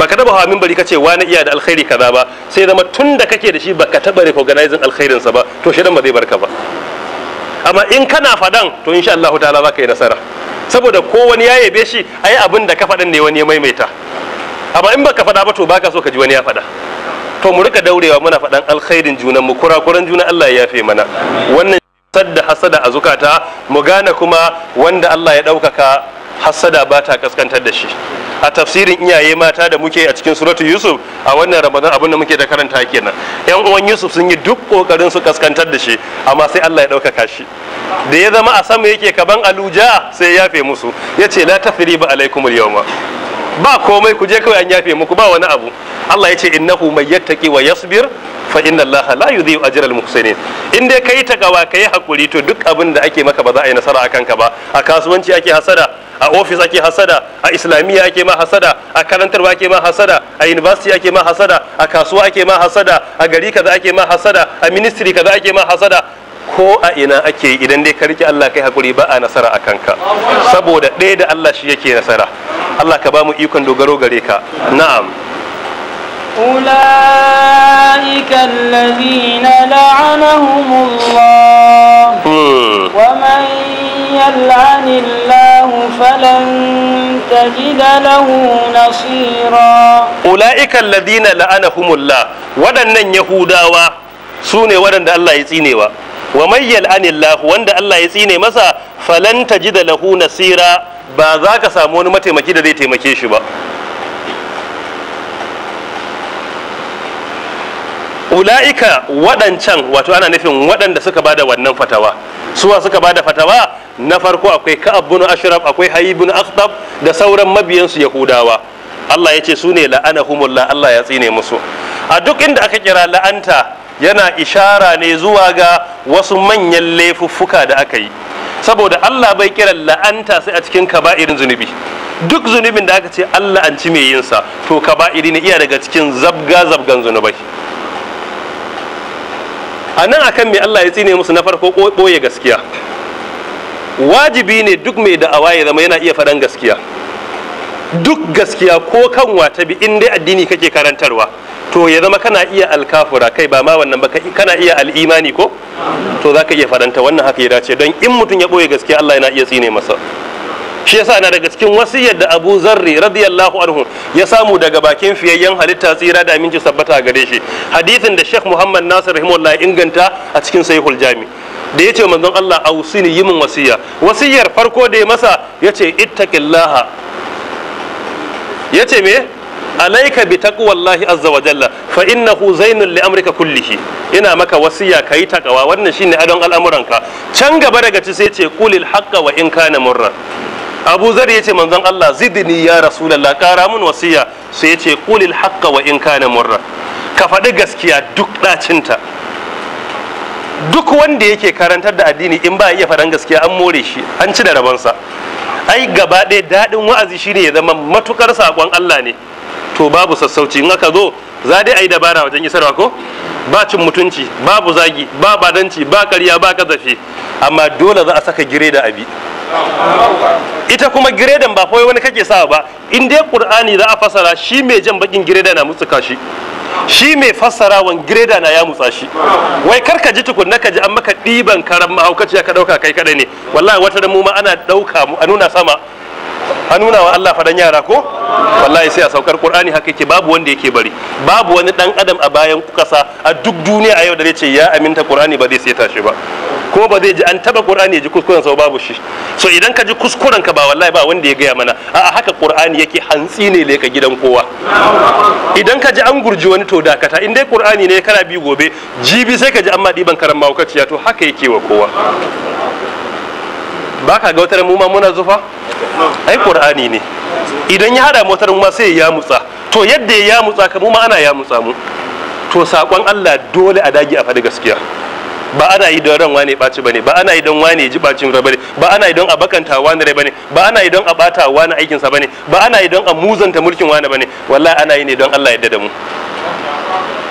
baka raba hawa minbari kace wani iya da alkhairi kaza ba sai zama tunda kake da shi baka taba recognizing alkhairin sa ba to dan ba zai barka ba amma in kana fadan to insha Allah ta'ala zaka yi nasara saboda ko wani ya yabe shi ai abin da ka fadan ne wani ya maimaita amma in baka faɗa ba to baka so ka ji wani ya fada to mu rika daurewa muna faɗan alkhairin junan mu kurakuran juna Allah ya yafe mana wannan sadda hasada a zukata mu gane kuma wanda Allah ya ɗaukaka hasada ba ta kaskantar da shi a tafsirin iyaye mata da muke a cikin suratu yusuf a wannan ramadan abin da muke da karanta kenan yan uwan yusuf sun yi duk kokarin su kaskantar da shi amma sai allah ya ɗaukaka shi da ya zama a sama yake kaban aluja sai ya yafe musu ya ce la ba alaikumul yawma ba komai ku je kawai an yafe muku ba wani abu Allah ya ce innahu may yattaqi wa yasbir fa inna Allah la yudhi'u ajra al muhsinin in dai kai ta gawa kai hakuri to duk abin da ake maka ba za a yi nasara akan ka ba a kasuwanci ake hasada a ofis ake hasada a islamiyya ake ma hasada a karantarwa ake ma hasada a university ake ma hasada a kasuwa ake ma hasada a gari kaza ake ma hasada a ministry kaza ake ma hasada ko a ina ake idan dai ka rike Allah kai hakuri ba a nasara a kanka saboda ɗaya da Allah shi yake nasara Allah ka ba mu ikon dogaro gare ka na'am أولئك الذين لعنهم الله ومن يلعن الله فلن تجد له نصيرا أولئك الذين لعنهم wa mayyal anillahu wanda Allah ya tsine masa falan tajida lahu nasira ba za ka samu wani mataimaki da zai taimake shi ba ula'ika waɗancan wato ana nufin waɗanda suka bada wannan fatawa suwa suka bada fatawa na farko akwai ka'ab bin ashraf akwai hayy bin aqtab da sauran mabiyansu yahudawa Allah ya ce su ne la'anahumullah Allah ya tsine musu a duk inda aka kira la'anta yana ishara ne zuwa ga wasu manyan laifuffuka da aka yi saboda Allah bai kiran la'anta sai a cikin kaba'irin zunubi duk zunubin da aka ce Allah an ci mai yin sa to kaba'iri ne iya daga cikin zabga zabgan zunubai a nan akan me Allah ya tsine musu na farko ɓoye gaskiya wajibi ne duk mai da'awa ya zama yana iya faɗan gaskiya duk gaskiya ko kan wata bi in dai addini kake karantarwa to ya zama kana iya alkafura kai ba ma wannan ba kana iya al'imani ko to za ka iya faranta wannan haka ya dace don in mutum ya ɓoye gaskiya Allah yana iya tsine masa shi yasa na daga cikin wasiyar da Abu Zarri radiyallahu anhu ya samu daga bakin fiyayyen halitta tsira da aminci sabbata gare shi hadisin da Sheikh Muhammad Nasir rahimahullah inganta a cikin Sahihul Jami da yace manzon Allah ausini yi min wasiya wasiyar farko da ya masa yace ittaqillaha yace me alaika bi taqwallahi azza wa jalla fa innahu zainul li amrika kullihi ina maka wasiya kai takawa wannan shine adon al'amuranka can gaba daga ci sai ce qulil haqqa wa in kana murra abu zar ya manzon Allah zidni ya rasulullah kara mun wasiya sai yace qulil haqqa wa in kana murra ka faɗi gaskiya duk ɗacinta duk wanda yake karantar da addini in ba iya faɗan gaskiya an more shi an ci da rabonsa ai gaba ɗaya daɗin wa'azi shine ya zama matukar saƙon Allah ne to babu sassauci in aka zo za dai a yi dabara wajen isarwa ko ba cin mutunci babu zagi ba badanci ba karya ba kazafi amma dole za a saka gireda abi ita kuma giredan ba kawai wani kake sawa ba in dai qur'ani za a fasara shi mai jan bakin gireda na mutsuka shi shi mai wan gireda na ya mutsa shi wai kar ka ji tukunna ka ji an maka ɗiban karan mahaukaci ka ɗauka kai kaɗai ne wallahi wata da mu ma ana ɗauka mu a nuna sama ka nuna wa Allah fadan yara ko wallahi sai a saukar qur'ani haka yake babu wanda yake bari babu wani dan adam a bayan kasa a duk duniya a yau da ce ya aminta qur'ani ba zai seta shi ba ko ba zai ji an taba qur'ani ya ji kuskuren sa babu shi so idan ka ji kuskuren ka ba wallahi ba wanda ya gaya mana a haka qur'ani yake hantsi ne leka gidan kowa idan ka ji an gurji wani to dakata in dai qur'ani ne kana bi gobe jibi sai ka ji an diban karan mawukaciya to haka yake wa kowa baka ga wata mu ma muna zufa ai qur'ani ne idan ya hada motar ma sai ya mutsa to yadda ya mutsa ka ma ana ya mutsa mu to sakon Allah dole a dagi a faɗi gaskiya ba ana yi don ran wane ɓaci bane ba ana yi don wane ji ɓacin rai bane ba ana yi don a bakanta wani rai bane ba ana yi don a bata wani aikin sa bane ba ana yi don a muzanta mulkin wani bane wallahi ana yi ne don Allah yadda da mu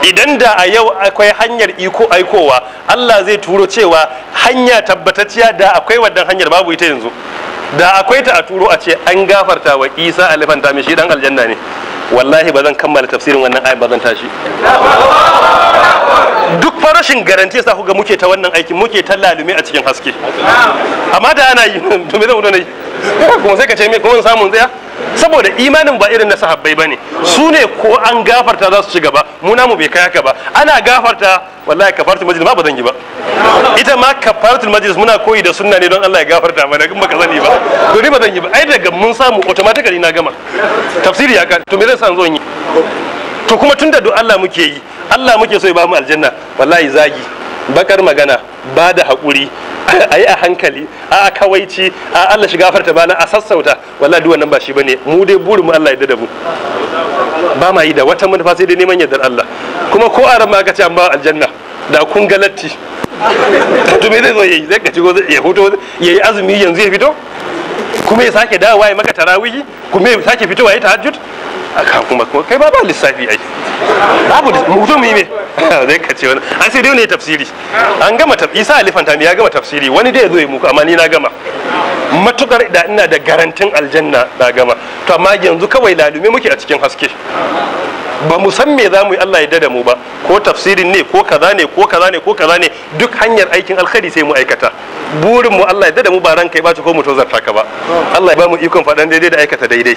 idan da a yau akwai hanyar iko aikowa Allah zai turo cewa hanya tabbatacciya da akwai wannan hanyar babu ita yanzu da akwai ta a turo a ce an gafarta wa isa alifanta mai shi dan aljanna ne wallahi ba zan kammala tafsirin wannan ayin ba zan tashi duk farashin garanti sa ku ga muke ta wannan aikin muke ta lalume a cikin haske amma da ana yi to me zan ne kuma sai ka ce mai kuma samun tsaya saboda imanin ba irin na sahabbai bane su ne ko an gafarta za su ci gaba mu namu bai kai haka ba ana gafarta wallahi kafaratul majlis ma ba zan yi ba ita ma kafaratul majlis muna koyi da sunna ne don Allah ya gafarta mana kuma ka sani ba to ni ba zan yi ba ai daga mun samu automatically na gama tafsiri ya ka to me zan san zo yi to kuma tunda do Allah muke yi Allah muke so ya ba mu aljanna wallahi zagi bakar magana ba da haƙuri a yi a hankali a kawaici a Allah shiga farta bana a sassauta walla duk wannan ba shi bane mu dai burin mu Allah ya da mu ba ma yi da wata manufa sai dai neman yardar Allah kuma ko a ran ma ka ce an ba aljanna da kun galatti to me zai zo yayi zai ka ci ya fito yayi azumi yanzu ya fito kuma ya sake dawowa ya maka tarawihi kuma ya sake fitowa ya tahajjud kan kuma kuma kai ba ba lissafi ai babu mutum ne zai ka ce wani an sai dai ne tafsiri an gama tafsiri isa alifan tami ya gama tafsiri wani dai zo muku amma ni na gama matukar da ina da garantin aljanna na gama to amma yanzu kawai lalume muke a cikin haske ba mu san me za mu yi Allah ya da mu ba ko tafsirin ne ko kaza ne ko kaza ne ko kaza ne duk hanyar aikin alkhairi sai mu aikata burin mu Allah ya da mu ba ranka ya baci ko mu tozarta ka ba Allah ya ba mu ikon faɗan daidai da aikata daidai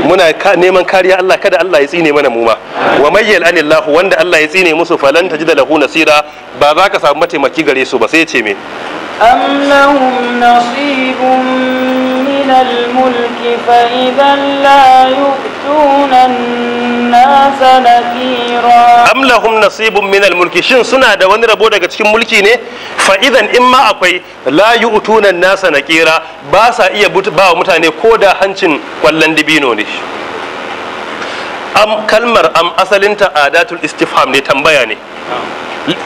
muna neman kariya Allah kada Allah ya tsine mana mu ma wa mayyal anillahu wanda Allah ya tsine musu falan tajida lahu nasira ba za ka samu mataimaki gare su ba sai ya ce me am lahum nasibun من الملك فإذا لا يؤتون الناس نكيرا أم لهم wani rabo daga cikin mulki ne fa'idan in ma akwai la yu'tuna nasa nakira ba sa iya ba mutane ko da hancin kwallon dibino ne kalmar am asalinta adatul istifham ne tambaya ne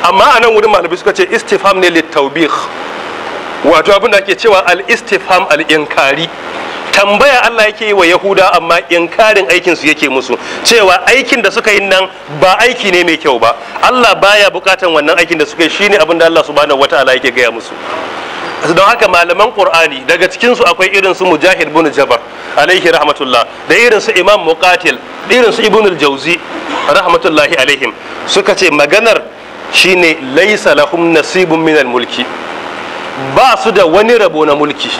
amma anan wurin malamai suka ce istifham ne littaubih wato abin da ake cewa al-istifham al-inkari tambaya Allah yake yi wa Yahuda amma inkarin aikin su yake musu cewa aikin da suka yi nan ba aiki ne mai kyau ba Allah baya bukatan wannan aikin da suka yi shine abin da Allah subhanahu wataala yake gaya musu don haka malaman qur'ani daga cikin su akwai irin su mujahid bin jabar alaihi rahmatullah da irin su imam muqatil da irin su ibn al-jawzi rahmatullahi alaihim suka ce maganar shine laysa lahum nasibun minal mulki ba su da wani rabo na mulki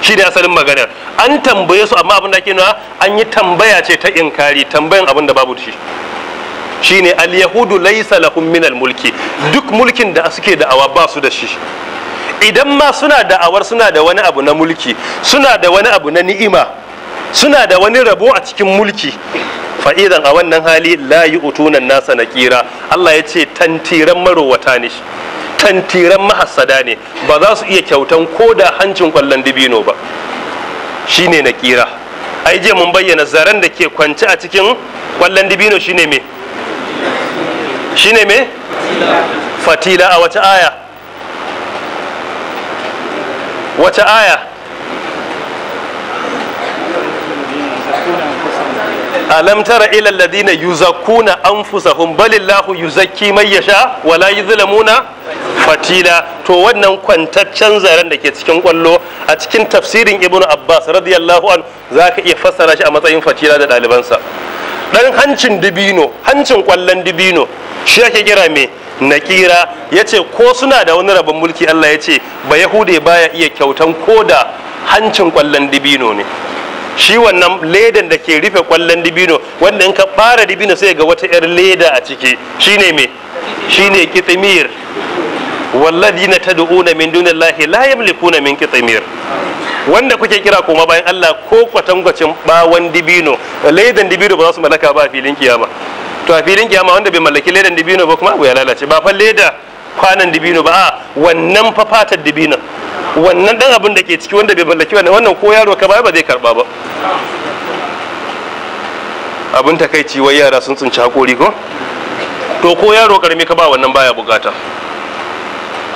shi ne asalin maganar an tambaye su amma abin da ke nuna an yi tambaya ce ta inkari tambayan abin da babu shi ne al yahudu laisa lahum minal mulki duk mulkin da suke da'awa ba su da shi idan ma suna da'awar suna da wani abu na mulki suna da wani abu na ni'ima suna da wani rabo a cikin mulki fa'idan a wannan hali la yi utunan nasa na kira Allah ya ce tantiran marowata ne tantiran mahassada ne ba za su iya kyautan ko da hancin kwallon dibino ba shine na kira ai je mun bayyana zaren da ke kwance a cikin kwallon dibino shine me shine me fatila a wata aya wata aya alam tara ila alladhina yuzakkuna anfusahum balillahu yuzakki man yasha wala yuzlamuna fatila to wannan kwantaccen zaren da ke cikin kwallo a cikin tafsirin ibn abbas radiyallahu an za ka iya fassara shi a matsayin fatila da ɗalibansa ɗan hancin dibino hancin kwallon dibino shi ake kira me nakira ya ce ko suna da wani rabin mulki allah ya ce ba yahude baya iya kyautan ko da hancin kwallon dibino ne shi wannan ledan da ke rufe kwallon dibino wanda in ka fara dibino sai ga wata 'yar leda a ciki shine me shine kitsimir walladina tad'una min dunillahi la yamlikuna min qitmir wanda kuke kira kuma bayan Allah ko kwatankwacin bawan dibino laidan dibino ba za su malaka ba a filin kiyama to a filin kiyama wanda bai mallaki laidan dibino ba kuma abu ya lalace ba fa laida kwanan dibino ba a wannan fa fatar dibino wannan dan abin da ke ciki wanda bai mallaki wannan wannan ko yaro ka ba ba zai karba ba abin takaici wai yara sun tsinci hakori ko to ko yaro karmi ka ba wannan baya bukata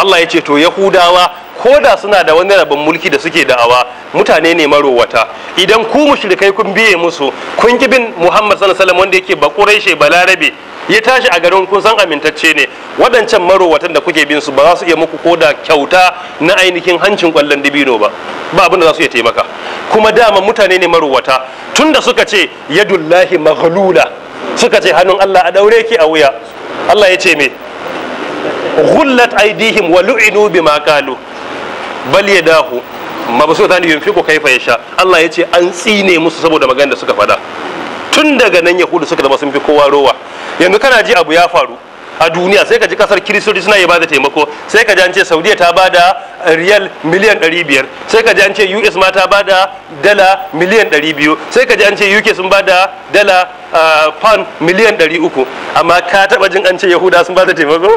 Allah ya ce to yahudawa ko da suna da wani rabin mulki da suke da'awa mutane ne marowata idan ku mushrikai kun biye musu kun ki bin Muhammad sallallahu alaihi wasallam wanda yake bakurai balarabe ya tashi a garin kun san amintacce ne waɗancan marowatan da kuke bin su ba za su iya muku ko da kyauta na ainihin hancin kwallon dibino ba ba abin da za su iya taimaka kuma dama mutane ne marowata tunda suka ce yadullahi maghlula suka ce hannun Allah a daure ki a wuya Allah ya ce me gullat aidihim wa lu'inu bima qalu bal yadahu tani yunfiku kaifa yasha Allah yace an tsine musu saboda maganar da suka faɗa tun daga nan yahudu suka zama sun fi kowa rowa yanzu kana ji abu ya faru a duniya sai ka ji kasar kiristoci suna ba da taimako sai ka ji an ce saudiya ta ba da riyal miliyan 500 sai ka ji an ce us ma ta ba da dala miliyan 200 sai ka ji an ce uk sun ba da dala pound miliyan 300 amma ka taba jin an ce yahuda sun ba da taimako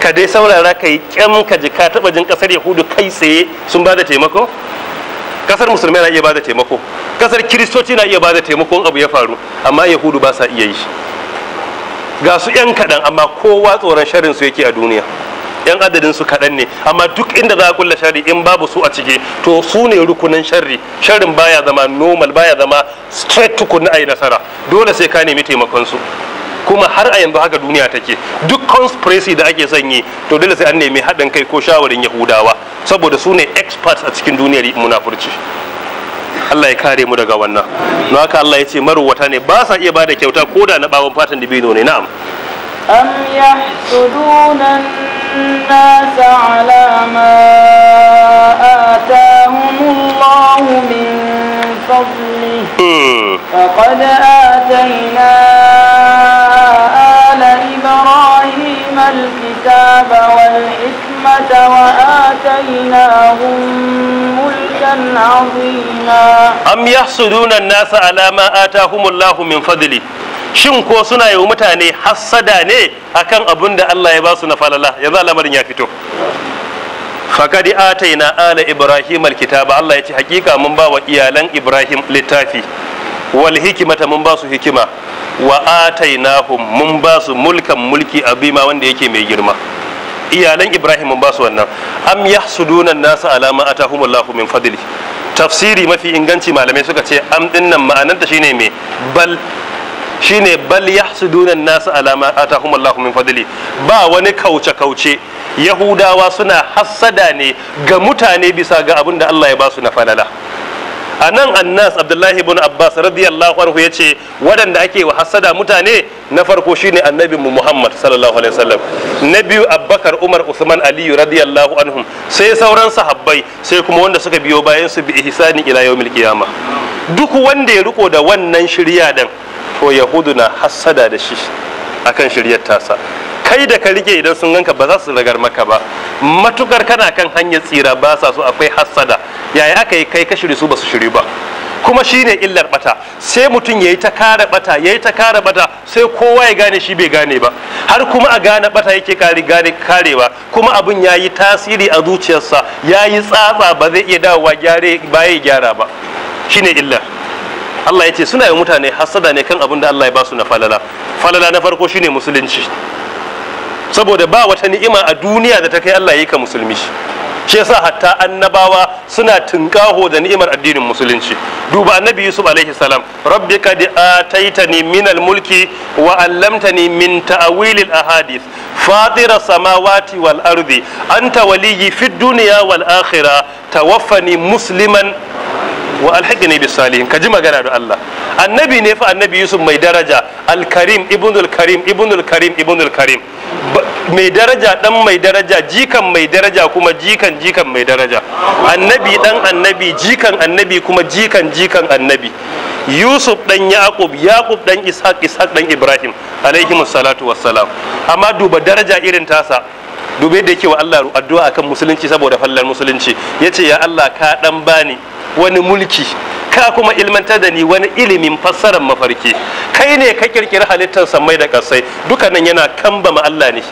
ka dai saurara ka yi kyan ka ji ka taba jin kasar yahudu kai tsaye sun ba da taimako kasar musulmai na iya ba da taimako kasar kiristoci na iya ba da taimakon abu ya faru amma yahudu ba sa iya yi ga su yan kaɗan amma kowa tsoron sharin su yake a duniya yan adadin su kaɗan ne amma duk inda za a kulla shari in babu su a ciki to su ne rukunan sharri sharin baya zama normal baya zama straight tukunna a ayi nasara dole sai ka nemi taimakon su kuma har a yanzu haka duniya take duk conspiracy da ake sanyi to dole sai an nemi haɗin kai ko shawarin yahudawa saboda su ne experts a cikin duniyar munafurci Allah ya kare mu daga wannan don haka Allah ya ce maruwata ne ba sa iya bada kyauta ko da na bawon fatan dibino ne na'am am yahsuduna الناس على ما آتاهم الله من فضله فقد آتينا الصلاة وآتيناهم nasa عظيما أم يحسدون الناس على shin ko suna yi mutane hassada ne akan abin da Allah ya ba su na falala yanzu lamarin ya fito fakadi ataina ala ibrahim alkitaba Allah ya ce hakika mun ba wa iyalan ibrahim littafi wal hikimata mun ba su hikima wa atainahum mun ba su mulkan mulki abima wanda yake mai girma iyalan ibrahim ba su wannan am yahsuduna nasu alama atahumullahu min fadli tafsiri mafi inganci malamai suka ce am dinnan ma'anarta shine me bal shine bal yahsuduna nasu alama atahumullahu min fadli ba wani kauce kauce yahudawa suna hassada ne ga mutane bisa ga abin da Allah ya ba su na falala a nan annas abdullahi ibn abbas radiyallahu anhu ya ce waɗanda ake wa hassada mutane na farko shine annabin mu muhammad sallallahu alaihi wasallam na biyu abbakar umar usman aliyu radiyallahu anhum sai sauran sahabbai sai kuma wanda suka biyo bayan su bi ihsani ila yawmil qiyama duk wanda ya riko da wannan shirya din to yahudu na hassada da shi akan shiryar tasa kai da ka rike idan sun ganka ba za su ragar maka ba matukar kana kan hanyar tsira ba sa so akwai hassada yaya aka yi kai ka shiri su ba su shiri ba kuma shine illar bata sai mutum yayi ta kare bata yayi ta kare bata sai kowa ya gane shi bai gane ba har kuma a gane bata yake kare gane karewa kuma abin yayi tasiri a zuciyarsa yayi tsatsa ba zai iya dawowa gyare ba ya gyara ba shine illar Allah ya ce suna yi mutane hasada ne kan abin da Allah ya ba su na falala falala na farko shine musulunci saboda ba wata ni'ima a duniya da ta kai Allah yi ka musulmi shi yasa hatta annabawa suna tunkaho da ni'imar addinin musulunci duba annabi yusuf alaihi salam rabbi kad ataitani min mulki wa allamtani min ta'wil ahadith فاطر السماوات والأرض أنت ولي في الدنيا akhira, توفني مسلما wa alhaqi ne bisalihin ka ji magana da Allah annabi ne fa annabi Yusuf mai daraja alkarim ibnul karim ibnul karim ibnul karim mai daraja dan mai daraja jikan mai daraja kuma jikan jikan mai daraja annabi dan annabi jikan annabi kuma jikan jikan annabi yusuf dan yaqub yaqub dan ishaq ishaq dan ibrahim alaihi salatu wassalam amma duba daraja irin tasa dube da yake wa Allah addu'a akan musulunci saboda fallar musulunci yace ya Allah ka dan bani wani mulki ka kuma ilmantar da ni wani ilimin fassarar mafarki kai ne ka kirkiri halittar sammai da kasai duka nan yana kambama Allah ne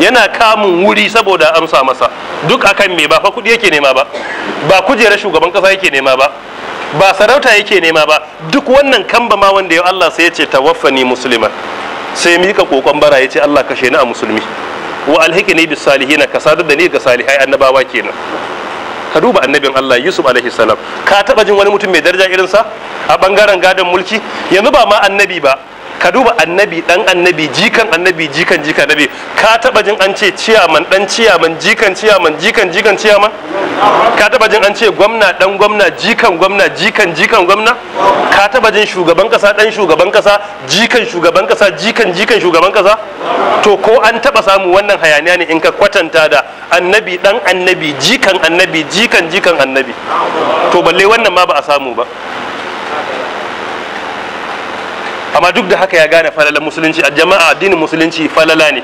yana kamun wuri saboda amsa masa duk akan me ba fa kudi yake nema ba ba kujerar shugaban kasa yake nema ba ba sarauta yake nema ba duk wannan kambama wanda ya Allah sai ya ce tawaffani musliman sai mika kokon bara ya ce Allah kashe ni a musulmi wa alhikini bis salihina ka sadar da ni ga salihai annabawa kenan ka duba annabin Allah Yusuf alaihi salam ka taba jin wani mutum mai daraja irinsa a bangaren gadon mulki yanzu ba ma annabi ba ka duba annabi dan annabi jikan annabi jikan jikan annabi ka taba jin an ce ciyaman dan ciyaman jikan ciyaman jikan jikan ciyaman ka taba jin an ce gwamna dan gwamna jikan gwamna jikan jikan gwamna ka taba jin shugaban kasa dan shugaban kasa jikan shugaban kasa jikan jikan shugaban kasa to ko an taba samu wannan hayaniya ne in ka kwatanta da annabi dan annabi jikan annabi jikan jikan annabi to balle wannan ma ba a samu ba amma duk da haka ya gane falalan musulunci a jama'a addinin musulunci falala ne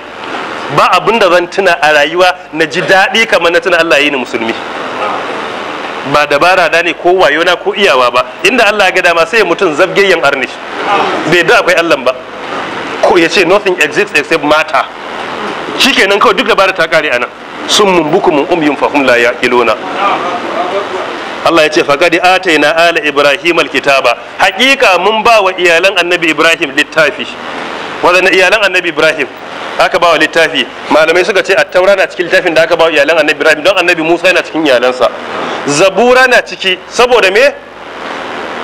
ba abin da zan tuna a rayuwa na ji daɗi kamar na tuna Allah yi ni musulmi ba dabara da ne ko wayona ko iyawa ba inda Allah ya ga dama sai mutum zabgeyyen arnish bai da akwai Allah ba ko ya ce nothing exists except matter shikenan kawai duk dabara ta kare anan sun mun buku mun umyun fahum la yaqiluna Allah ya ce faqad ataina ala ibrahim alkitaba hakika mun ba wa iyalan annabi ibrahim littafi wadannan iyalan annabi ibrahim aka ba wa littafi malamai suka ce attaura na cikin littafin da aka ba wa iyalan annabi ibrahim don annabi musa yana cikin iyalansa zabura na ciki saboda me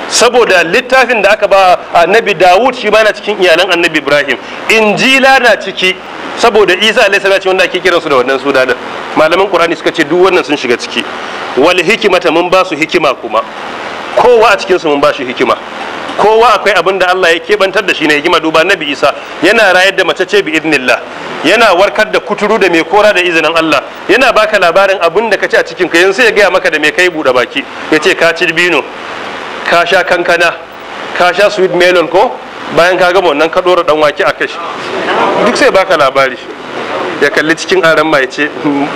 saboda littafin da aka ba annabi dawud shi ma na cikin iyalan annabi ibrahim injila na ciki saboda isa alaihi salatu wanda ake kiransu da wannan sunanin malaman qur'ani suka ce duk wannan sun shiga ciki wal hikimata mun ba su hikima kuma kowa a cikinsu mun ba shi hikima kowa akwai abin da Allah ya kebantar da shi ne hikima duba nabi isa yana rayar da mace ce bi idnillah yana warkar da kuturu da mai kora da izinin Allah yana baka labarin abin da kace a cikin ka yanzu ya gaya maka da mai kai buɗe baki ya ce ka ci bino ka sha kankana ka sha sweet melon ko bayan ka gama wannan ka ɗora dan wake a kashi duk sai baka labari ya kalli cikin aran ma ya ce hmm,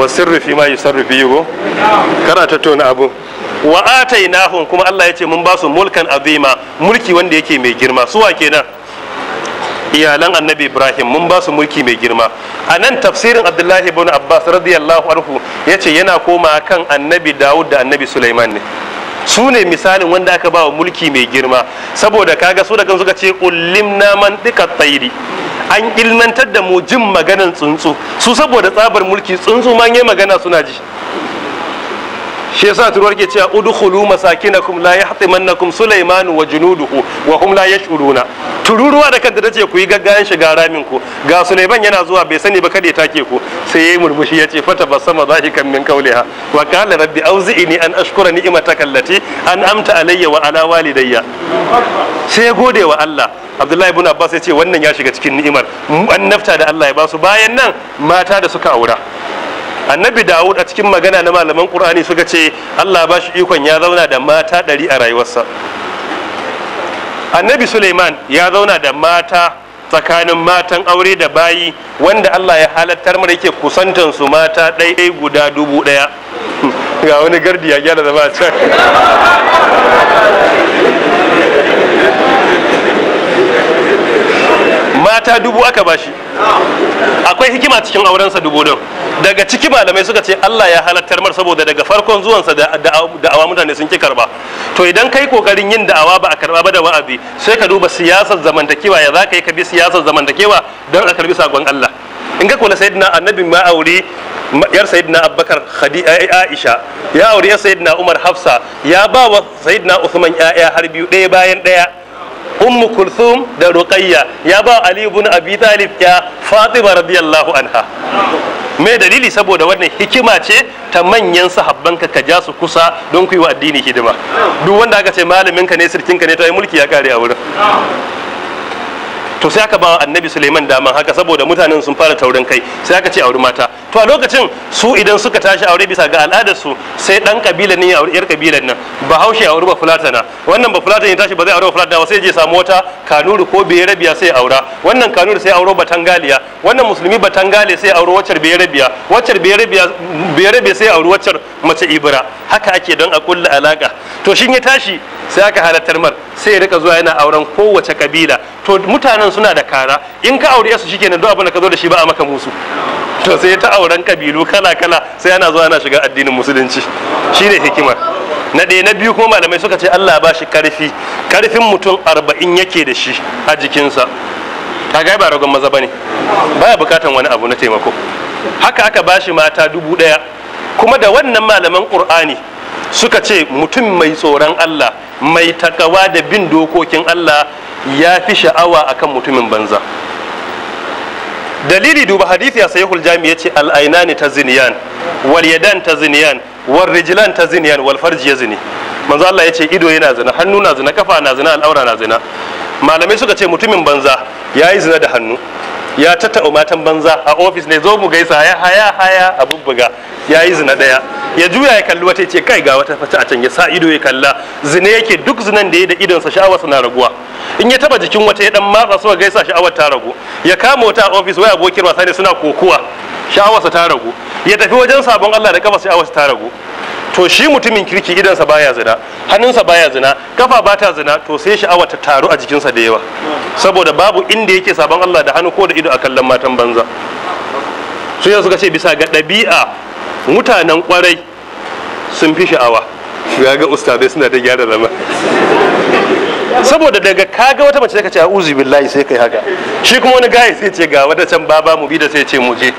wa sirri fi ma yusarru fi yugo kana tattauna abu wa atainahum kuma Allah ya ce mun ba su mulkan azima mulki wanda yake mai girma su wa kenan iyalan annabi ibrahim mun ba su mulki mai girma a nan tafsirin abdullahi ibn abbas radiyallahu anhu ya ce yana koma kan annabi dawud da annabi sulaiman ne su ne misalin wanda aka ba wa mulki mai girma saboda kaga su da suka ce kullum na man duka tsairi an ilmantar da mu jin maganan tsuntsu su saboda tsabar mulki tsuntsu ma yi magana suna ji shi yasa turuwar ke cewa udkhulu masakinakum la yahtimannakum sulaimanu wa junuduhu wa hum la yashuruna tururuwa da kanta tace ku yi gaggayan shiga ramin ku ga sulayman yana zuwa bai sani ba kada ya take ku sai yayi murmushi yace fata basama zahikan min qawliha wa qala rabbi auzi'ni an ashkura ni'mataka allati an amta alayya wa ala walidayya sai gode wa Allah Abdullahi ibn Abbas ya ce wannan ya shiga cikin ni'imar nafta da Allah ya basu bayan nan mata da suka aura annabi dawud a cikin magana na malaman qur'ani suka ce allah ba shi ikon ya zauna da mata ɗari a rayuwarsa annabi suleiman ya zauna da mata tsakanin matan aure da bayi wanda allah ya halattar mara yake kusantan su mata ɗaiɗai guda dubu ɗaya ga wani gardi ya gyara zama can mata dubu aka bashi akwai hikima cikin auren sa dubu don daga ciki malamai suka ce Allah ya halattar mar saboda daga farkon zuwansa da da'awa mutane sun ki karba to idan kai kokarin yin da'awa ba a karba ba da wa'azi sai ka duba siyasar zamantakewa ya zaka yi ka bi siyasar zamantakewa don a karbi sakon Allah in ka kula sayyidina annabi ma aure yar sayyidina abbakar eh, eh, aisha ya aure yar sayyidina umar hafsa ya ba wa sayyidina usman ya'ya har biyu ɗaya bayan ɗaya ummu kulthum da يا ya ba بن ibn طالب يا ya fatima الله anha me dalili saboda wannan hikima ce ta manyan sahabban ka ja su kusa don ku yi wa addini hidima duk wanda aka ce malamin ka ne sirkin ka ne ta yi mulki ya kare a wurin to sai aka ba annabi suleiman dama haka saboda mutanen sun fara taurin kai sai aka ce auri mata to a lokacin su idan suka tashi aure bisa ga al'adar su sai dan kabila ne ya auri yar kabilar nan bahaushe auri ba fulatana wannan ba fulatana ya tashi ba zai aure ba fulatana ba sai je samu wata kanuri ko berabiya sai aura wannan kanuri sai auro batangaliya wannan musulmi batangaliya sai auro waccar berabiya waccar berabiya berabiya sai auro waccar mace ibra haka ake don a kulla alaka to shin ya tashi sai aka halattar mar sai ya rika zuwa yana auren kowace kabila to mutanen suna da kara in ka aure su shikenan duk abin da ka zo da shi ba a maka musu to sai ta auren kabilu kala kala sai ana zuwa ana shiga addinin musulunci shine hikima. na ɗaya na biyu kuma malamai suka ce Allah ba shi karfi karfin mutum arba'in yake da shi a jikinsa ta ga ba ragon maza bane baya bukatan wani abu na taimako haka aka ba shi mata dubu ɗaya kuma da wannan malaman ƙur'ani suka ce mutum mai tsoron Allah mai takawa da bin dokokin Allah ya fi sha'awa akan mutumin banza dalili duba hadisi a sayyul jami al'aina ne ta ziniyan, wal yadan ziniyan, wal rijlan ziniyan, wal farji zini. manzo Allah ya ce ido yana zina hannu na zina kafa na zina al'aura na zina malamai suka ce mutumin banza ya yi zina da hannu ya tattaɓa matan banza a ofis ne zo mu gaisa haya haya haya a bubbuga ya yi zina ɗaya ya juya ya kalli wata ce kai ga wata fata a can ya sa ido ya kalla zina yake duk zinan da ya da idonsa sha'awar na raguwa in ya taba jikin wata ya dan matsa suka gaisa sha'awar ta ragu ya kama wata a ofis wai abokin wasa ne suna kokuwa sha'awarsa ta ragu ya tafi wajen sabon Allah da kafa sha'awar ta ragu to shi mutumin kirki idonsa baya zina hannunsa baya zina kafa bata zina to sai sha'awar ta taru a jikinsa da yawa saboda babu inda yake sabon Allah da hannu ko da ido a kallon matan banza su yanzu ka ce bisa ga ɗabi'a mutanen kwarai sun fi sha'awa ya ga ustazai suna ta gyara zama saboda daga kaga wata mace ka ce a'udhu billahi sai kai haka shi kuma wani gaye sai ce ga wata can baba mu bi da sai ce mu je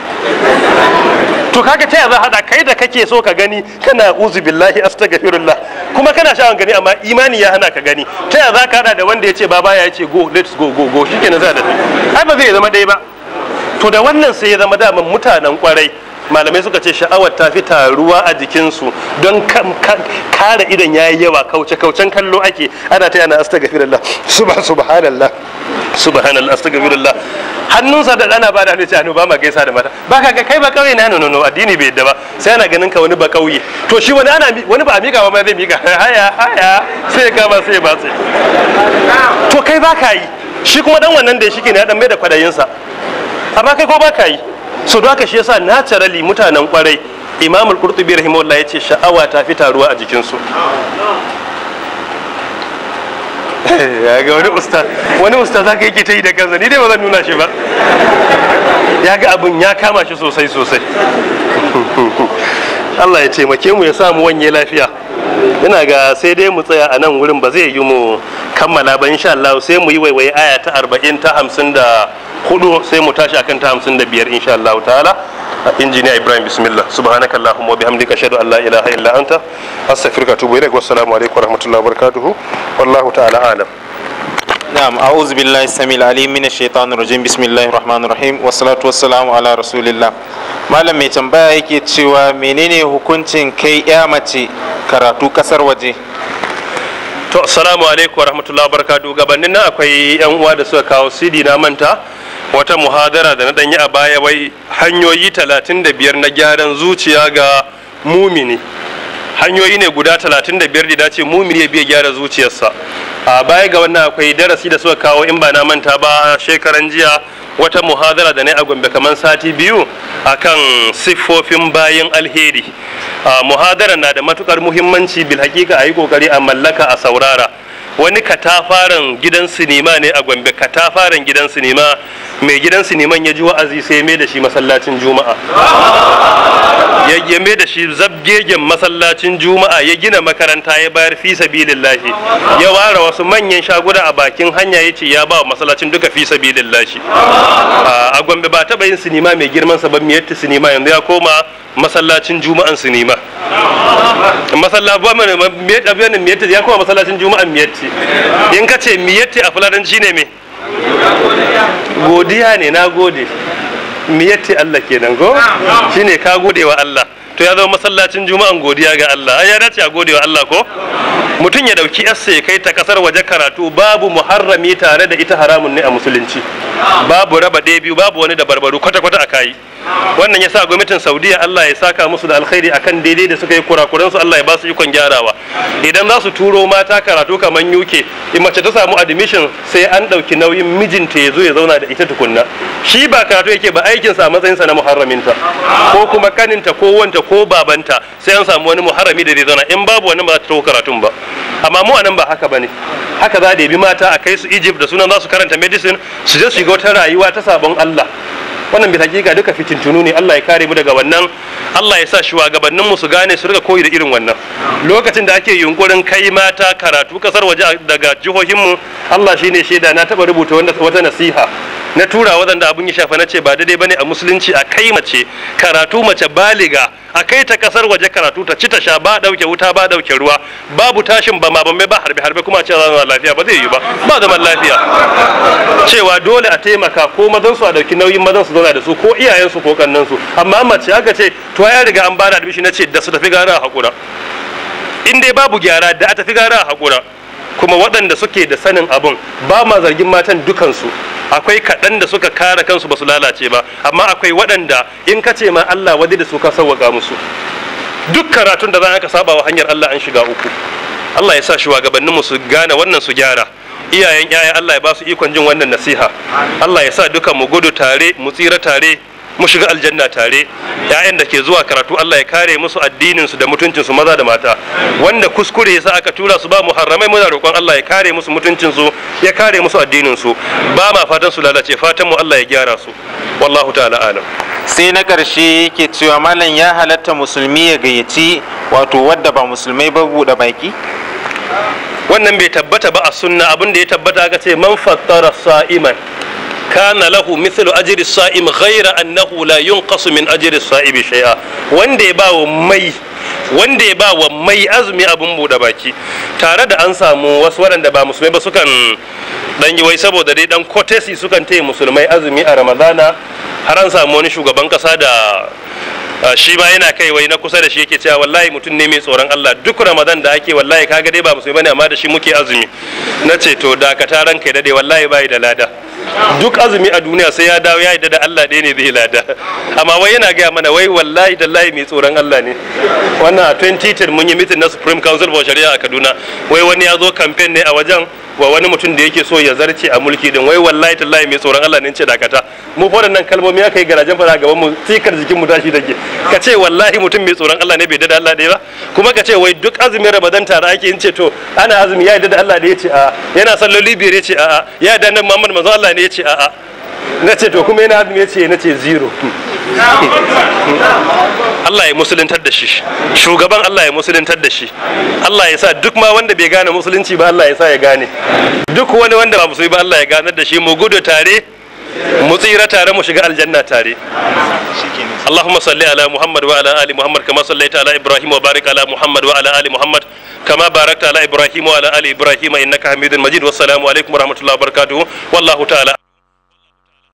to kaga ta za hada kai da kake so ka gani kana uzu billahi astaghfirullah kuma kana sha'awan gani amma imani ya hana ka gani ta yaza za ka hada da wanda ya ce baba ya ce go let's go go go shikenan za da ai ba zai zama dai ba to da wannan sai ya zama daman mutanen kwarai malamai suka ce sha'awar ta fi taruwa a jikinsu don kare idan ya yi yawa kauce-kaucen kallo ake ana ta yana astagfirullah subhanallah subhanallah astagfirullah hannunsa da ana ba da hannu ce hannu ba ma gaisa da mata ba ka kai ba kauye na nono addini bai yadda ba sai ana ganin ka wani ba kauye to shi wani ana wani ba mika ba ma zai miƙa haya haya sai ka ba sai ba sai to kai ba ka yi shi kuma dan wannan da shi ke ne ya dan mai da kwadayinsa amma kai ko ba ka yi so da haka shi yasa naturally mutanen kwarai imam al-qurtubi rahimahullah yace sha'awa ta fi taruwa a jikin su ya ga wani ustaz wani ustaz zaka yake ta yi da kansa ni dai ba zan nuna shi ba ya ga abin ya kama shi sosai sosai Allah ya taimake mu ya samu wanye lafiya ina ga sai dai mu tsaya a nan wurin ba zai yi mu kammala ba insha Allah sai mu yi waiwai aya ta 40 ta 50 da hudu sai mu tashi akan ta hamsin da biyar insha Allah ta'ala injiniya Ibrahim bismillah subhanaka allahumma wa bihamdika ashhadu an la ilaha illa anta astaghfiruka wa atubu ilaik wa assalamu alaikum wa rahmatullahi wa barakatuhu wallahu ta'ala alam نعم أعوذ بالله السميع العليم من الشيطان الرجيم بسم الله الرحمن الرحيم والصلاة والسلام ala rasulillah malam mai tambaya yake cewa menene hukuncin kai ya mace karatu kasar waje to assalamu alaikum warahmatullahi wabarakatuh gabanin nan akwai yan uwa da suka kawo cd na manta wata muhadara da na danyi a baya wai hanyoyi 35 na gyaran zuciya ga mumini hanyoyi ne guda 35 da dace mumini ya biya gyara zuciyarsa a baya ga wannan akwai darasi da suka kawo in ba na manta ba shekaran jiya wata muhadara da ne a gombe kamar sati biyu a kan siffofin bayan alheri muhadara na da matukar muhimmanci bil hakika a yi kokari a mallaka a saurara wani katafaren gidan sinima ne a gombe katafaren gidan sinima mai gidan siniman ya ji wa'azi sai mai da shi masallacin juma'a ya mai da shi zabgegen masallacin juma'a ya gina makaranta ya bayar fi sabilillahi ya ware wasu manyan shaguna a bakin hanya ya ce ya ba wa masallacin duka fi sabilillahi a gombe ba taba yin sinima mai girmansa sa ba miyatti sinima yanzu ya koma masallacin juma'an sinima masallaci ba mai miyat abin nan miyat ya kuma masallacin juma'a miyat ce in ka ce miyat a fulatanci ne me godiya ne na gode miyat Allah kenan go shine ka gode wa Allah to ya zama masallacin juma'an godiya ga Allah ya dace a gode wa Allah ko mutum ya dauki yarsa ya kai ta kasar waje karatu babu muharrami tare da ita haramun ne a musulunci babu raba ɗaya biyu babu wani da barbaru kwata-kwata a kayi wannan ya sa gwamnatin saudiya allah ya saka musu da alkhairi akan daidai da suka yi kurakuransu su allah ya ba su ikon gyarawa idan za su turo mata karatu kamar yuke, in mace ta samu admission sai an ɗauki nauyin mijinta ya zo ya zauna da ita tukunna shi ba karatu yake ba aikinsa a matsayinsa na muharraminta ko kuma kaninta ko wanta ko babanta sai an samu wani muharrami da zai zauna in babu wani ba za ta taho karatun ba amma mu anan ba haka ba ne. haka za da bi mata a kai su Egypt da sunan za su karanta medicine su je su shiga wata rayuwa ta sabon Allah wannan bi hakika duka tunu ne Allah ya kare mu daga wannan Allah ya sa shugabannin mu su gane su rika koyi da irin wannan lokacin da ake yunkurin kai mata karatu kasar waje daga jihohin mu Allah shine shaida na taba rubuta wata nasiha na tura waɗanda abun ya shafa na ce ba daidai bane a musulunci a kai mace karatu mace baliga a kai ta kasar waje karatu ta ci ta sha ba dauke wuta ba dauke ruwa babu tashin ba ma ba harbe harbe kuma ce zama lafiya ba zai yi ba ba zaman lafiya cewa dole a taimaka ko mazan su a dauki nauyin mazan su zauna da su ko iyayen su ko kannan su amma mace haka ce to ya riga an bada admission na ce da su tafi gara hakura in dai babu gyara da a tafi gara hakura kuma waɗanda suke da sanin abun ba ma zargin matan dukansu akwai kaɗan da suka kare kansu ba su lalace ba amma akwai waɗanda in ka ce ma Allah wadi da su ka sauwaka musu duk karatun da za ka saba wa hanyar Allah an shiga uku Allah ya sa shi mu su gane wannan su gyara iyayen yaya Allah ya ba su ikon jin wannan nasiha Allah ya sa duka mu gudu tare mu tsira tare mu shiga aljanna tare ƴaƴan da ke zuwa karatu Allah ya kare musu addinin su da mutuncin su maza da mata wanda kuskure yasa aka tura su ba muharramai muna roƙon Allah ya kare musu mutuncin su ya kare musu addinin su ba ma fatan su lalace fatan mu Allah ya gyara su wallahu ta'ala alam sai na ƙarshe yake cewa malam ya halatta musulmi ya gayyaci wato wadda ba musulmai ba buɗe baki wannan bai tabbata ba a sunna abin da ya tabbata aka ce man fattara sa'iman kana lahu mithlu ajri sa'im ghaira annahu la yunqasu min ajri sa'imi shay'a wanda ya bawa mai wanda ya mai azumi abun buɗe baki tare da an samu wasu waɗanda ba musulmai ba sukan dan yi wai saboda dai dan kotesi sukan taya musulmai azumi a ramadana har an samu wani shugaban kasa da shi ba yana kai wai na kusa da shi yake cewa wallahi mutum ne mai tsoron Allah duk Ramadan da ake wallahi kaga dai ba musulmi bane amma da shi muke azumi na ce to da ka taran kai dade wallahi bai da lada duk azumi a duniya sai ya dawo ya yi da Allah ɗaya ne zai lada amma wai yana gaya mana wai wallahi da layi mai tsoron Allah ne wannan a 2010 mun yi mitin na Supreme Council for Sharia a Kaduna wai wani ya zo kamfen ne a wajen wa wani mutum da yake so ya zarce a mulki din wai wallahi tallahi mai tsoron Allah ne ce dakata mu fa nan kalmomi aka yi garajen fara gaban mu tikar jikin mu tashi take ka ce wallahi mutum mai tsoron Allah ne bai dada Allah dai ba kuma ka ce wai duk azumin Ramadan tare ake in ce to ana azumi ya dada Allah ne ya ce a yana salloli biyar ya ce a ya dada Muhammad manzo Allah ne ya ce a na ce to kuma yana ya ce na ce zero Allah ya musuluntar da shi shugaban Allah ya musuluntar da shi Allah ya sa duk ma wanda bai gane musulunci ba Allah ya sa ya gane duk wani wanda ba musulunci ba Allah ya ganar da shi mu gudu tare mu tsira tare mu shiga aljanna tare Allahumma salli ala Muhammad wa ala ali Muhammad kama sallaita ala Ibrahim wa barik ala Muhammad wa ala ali Muhammad kama barakta ala Ibrahim wa ala ali Ibrahim innaka Hamidun Majid wassalamu alaikum wa rahmatullahi wa barakatuh wallahu ta'ala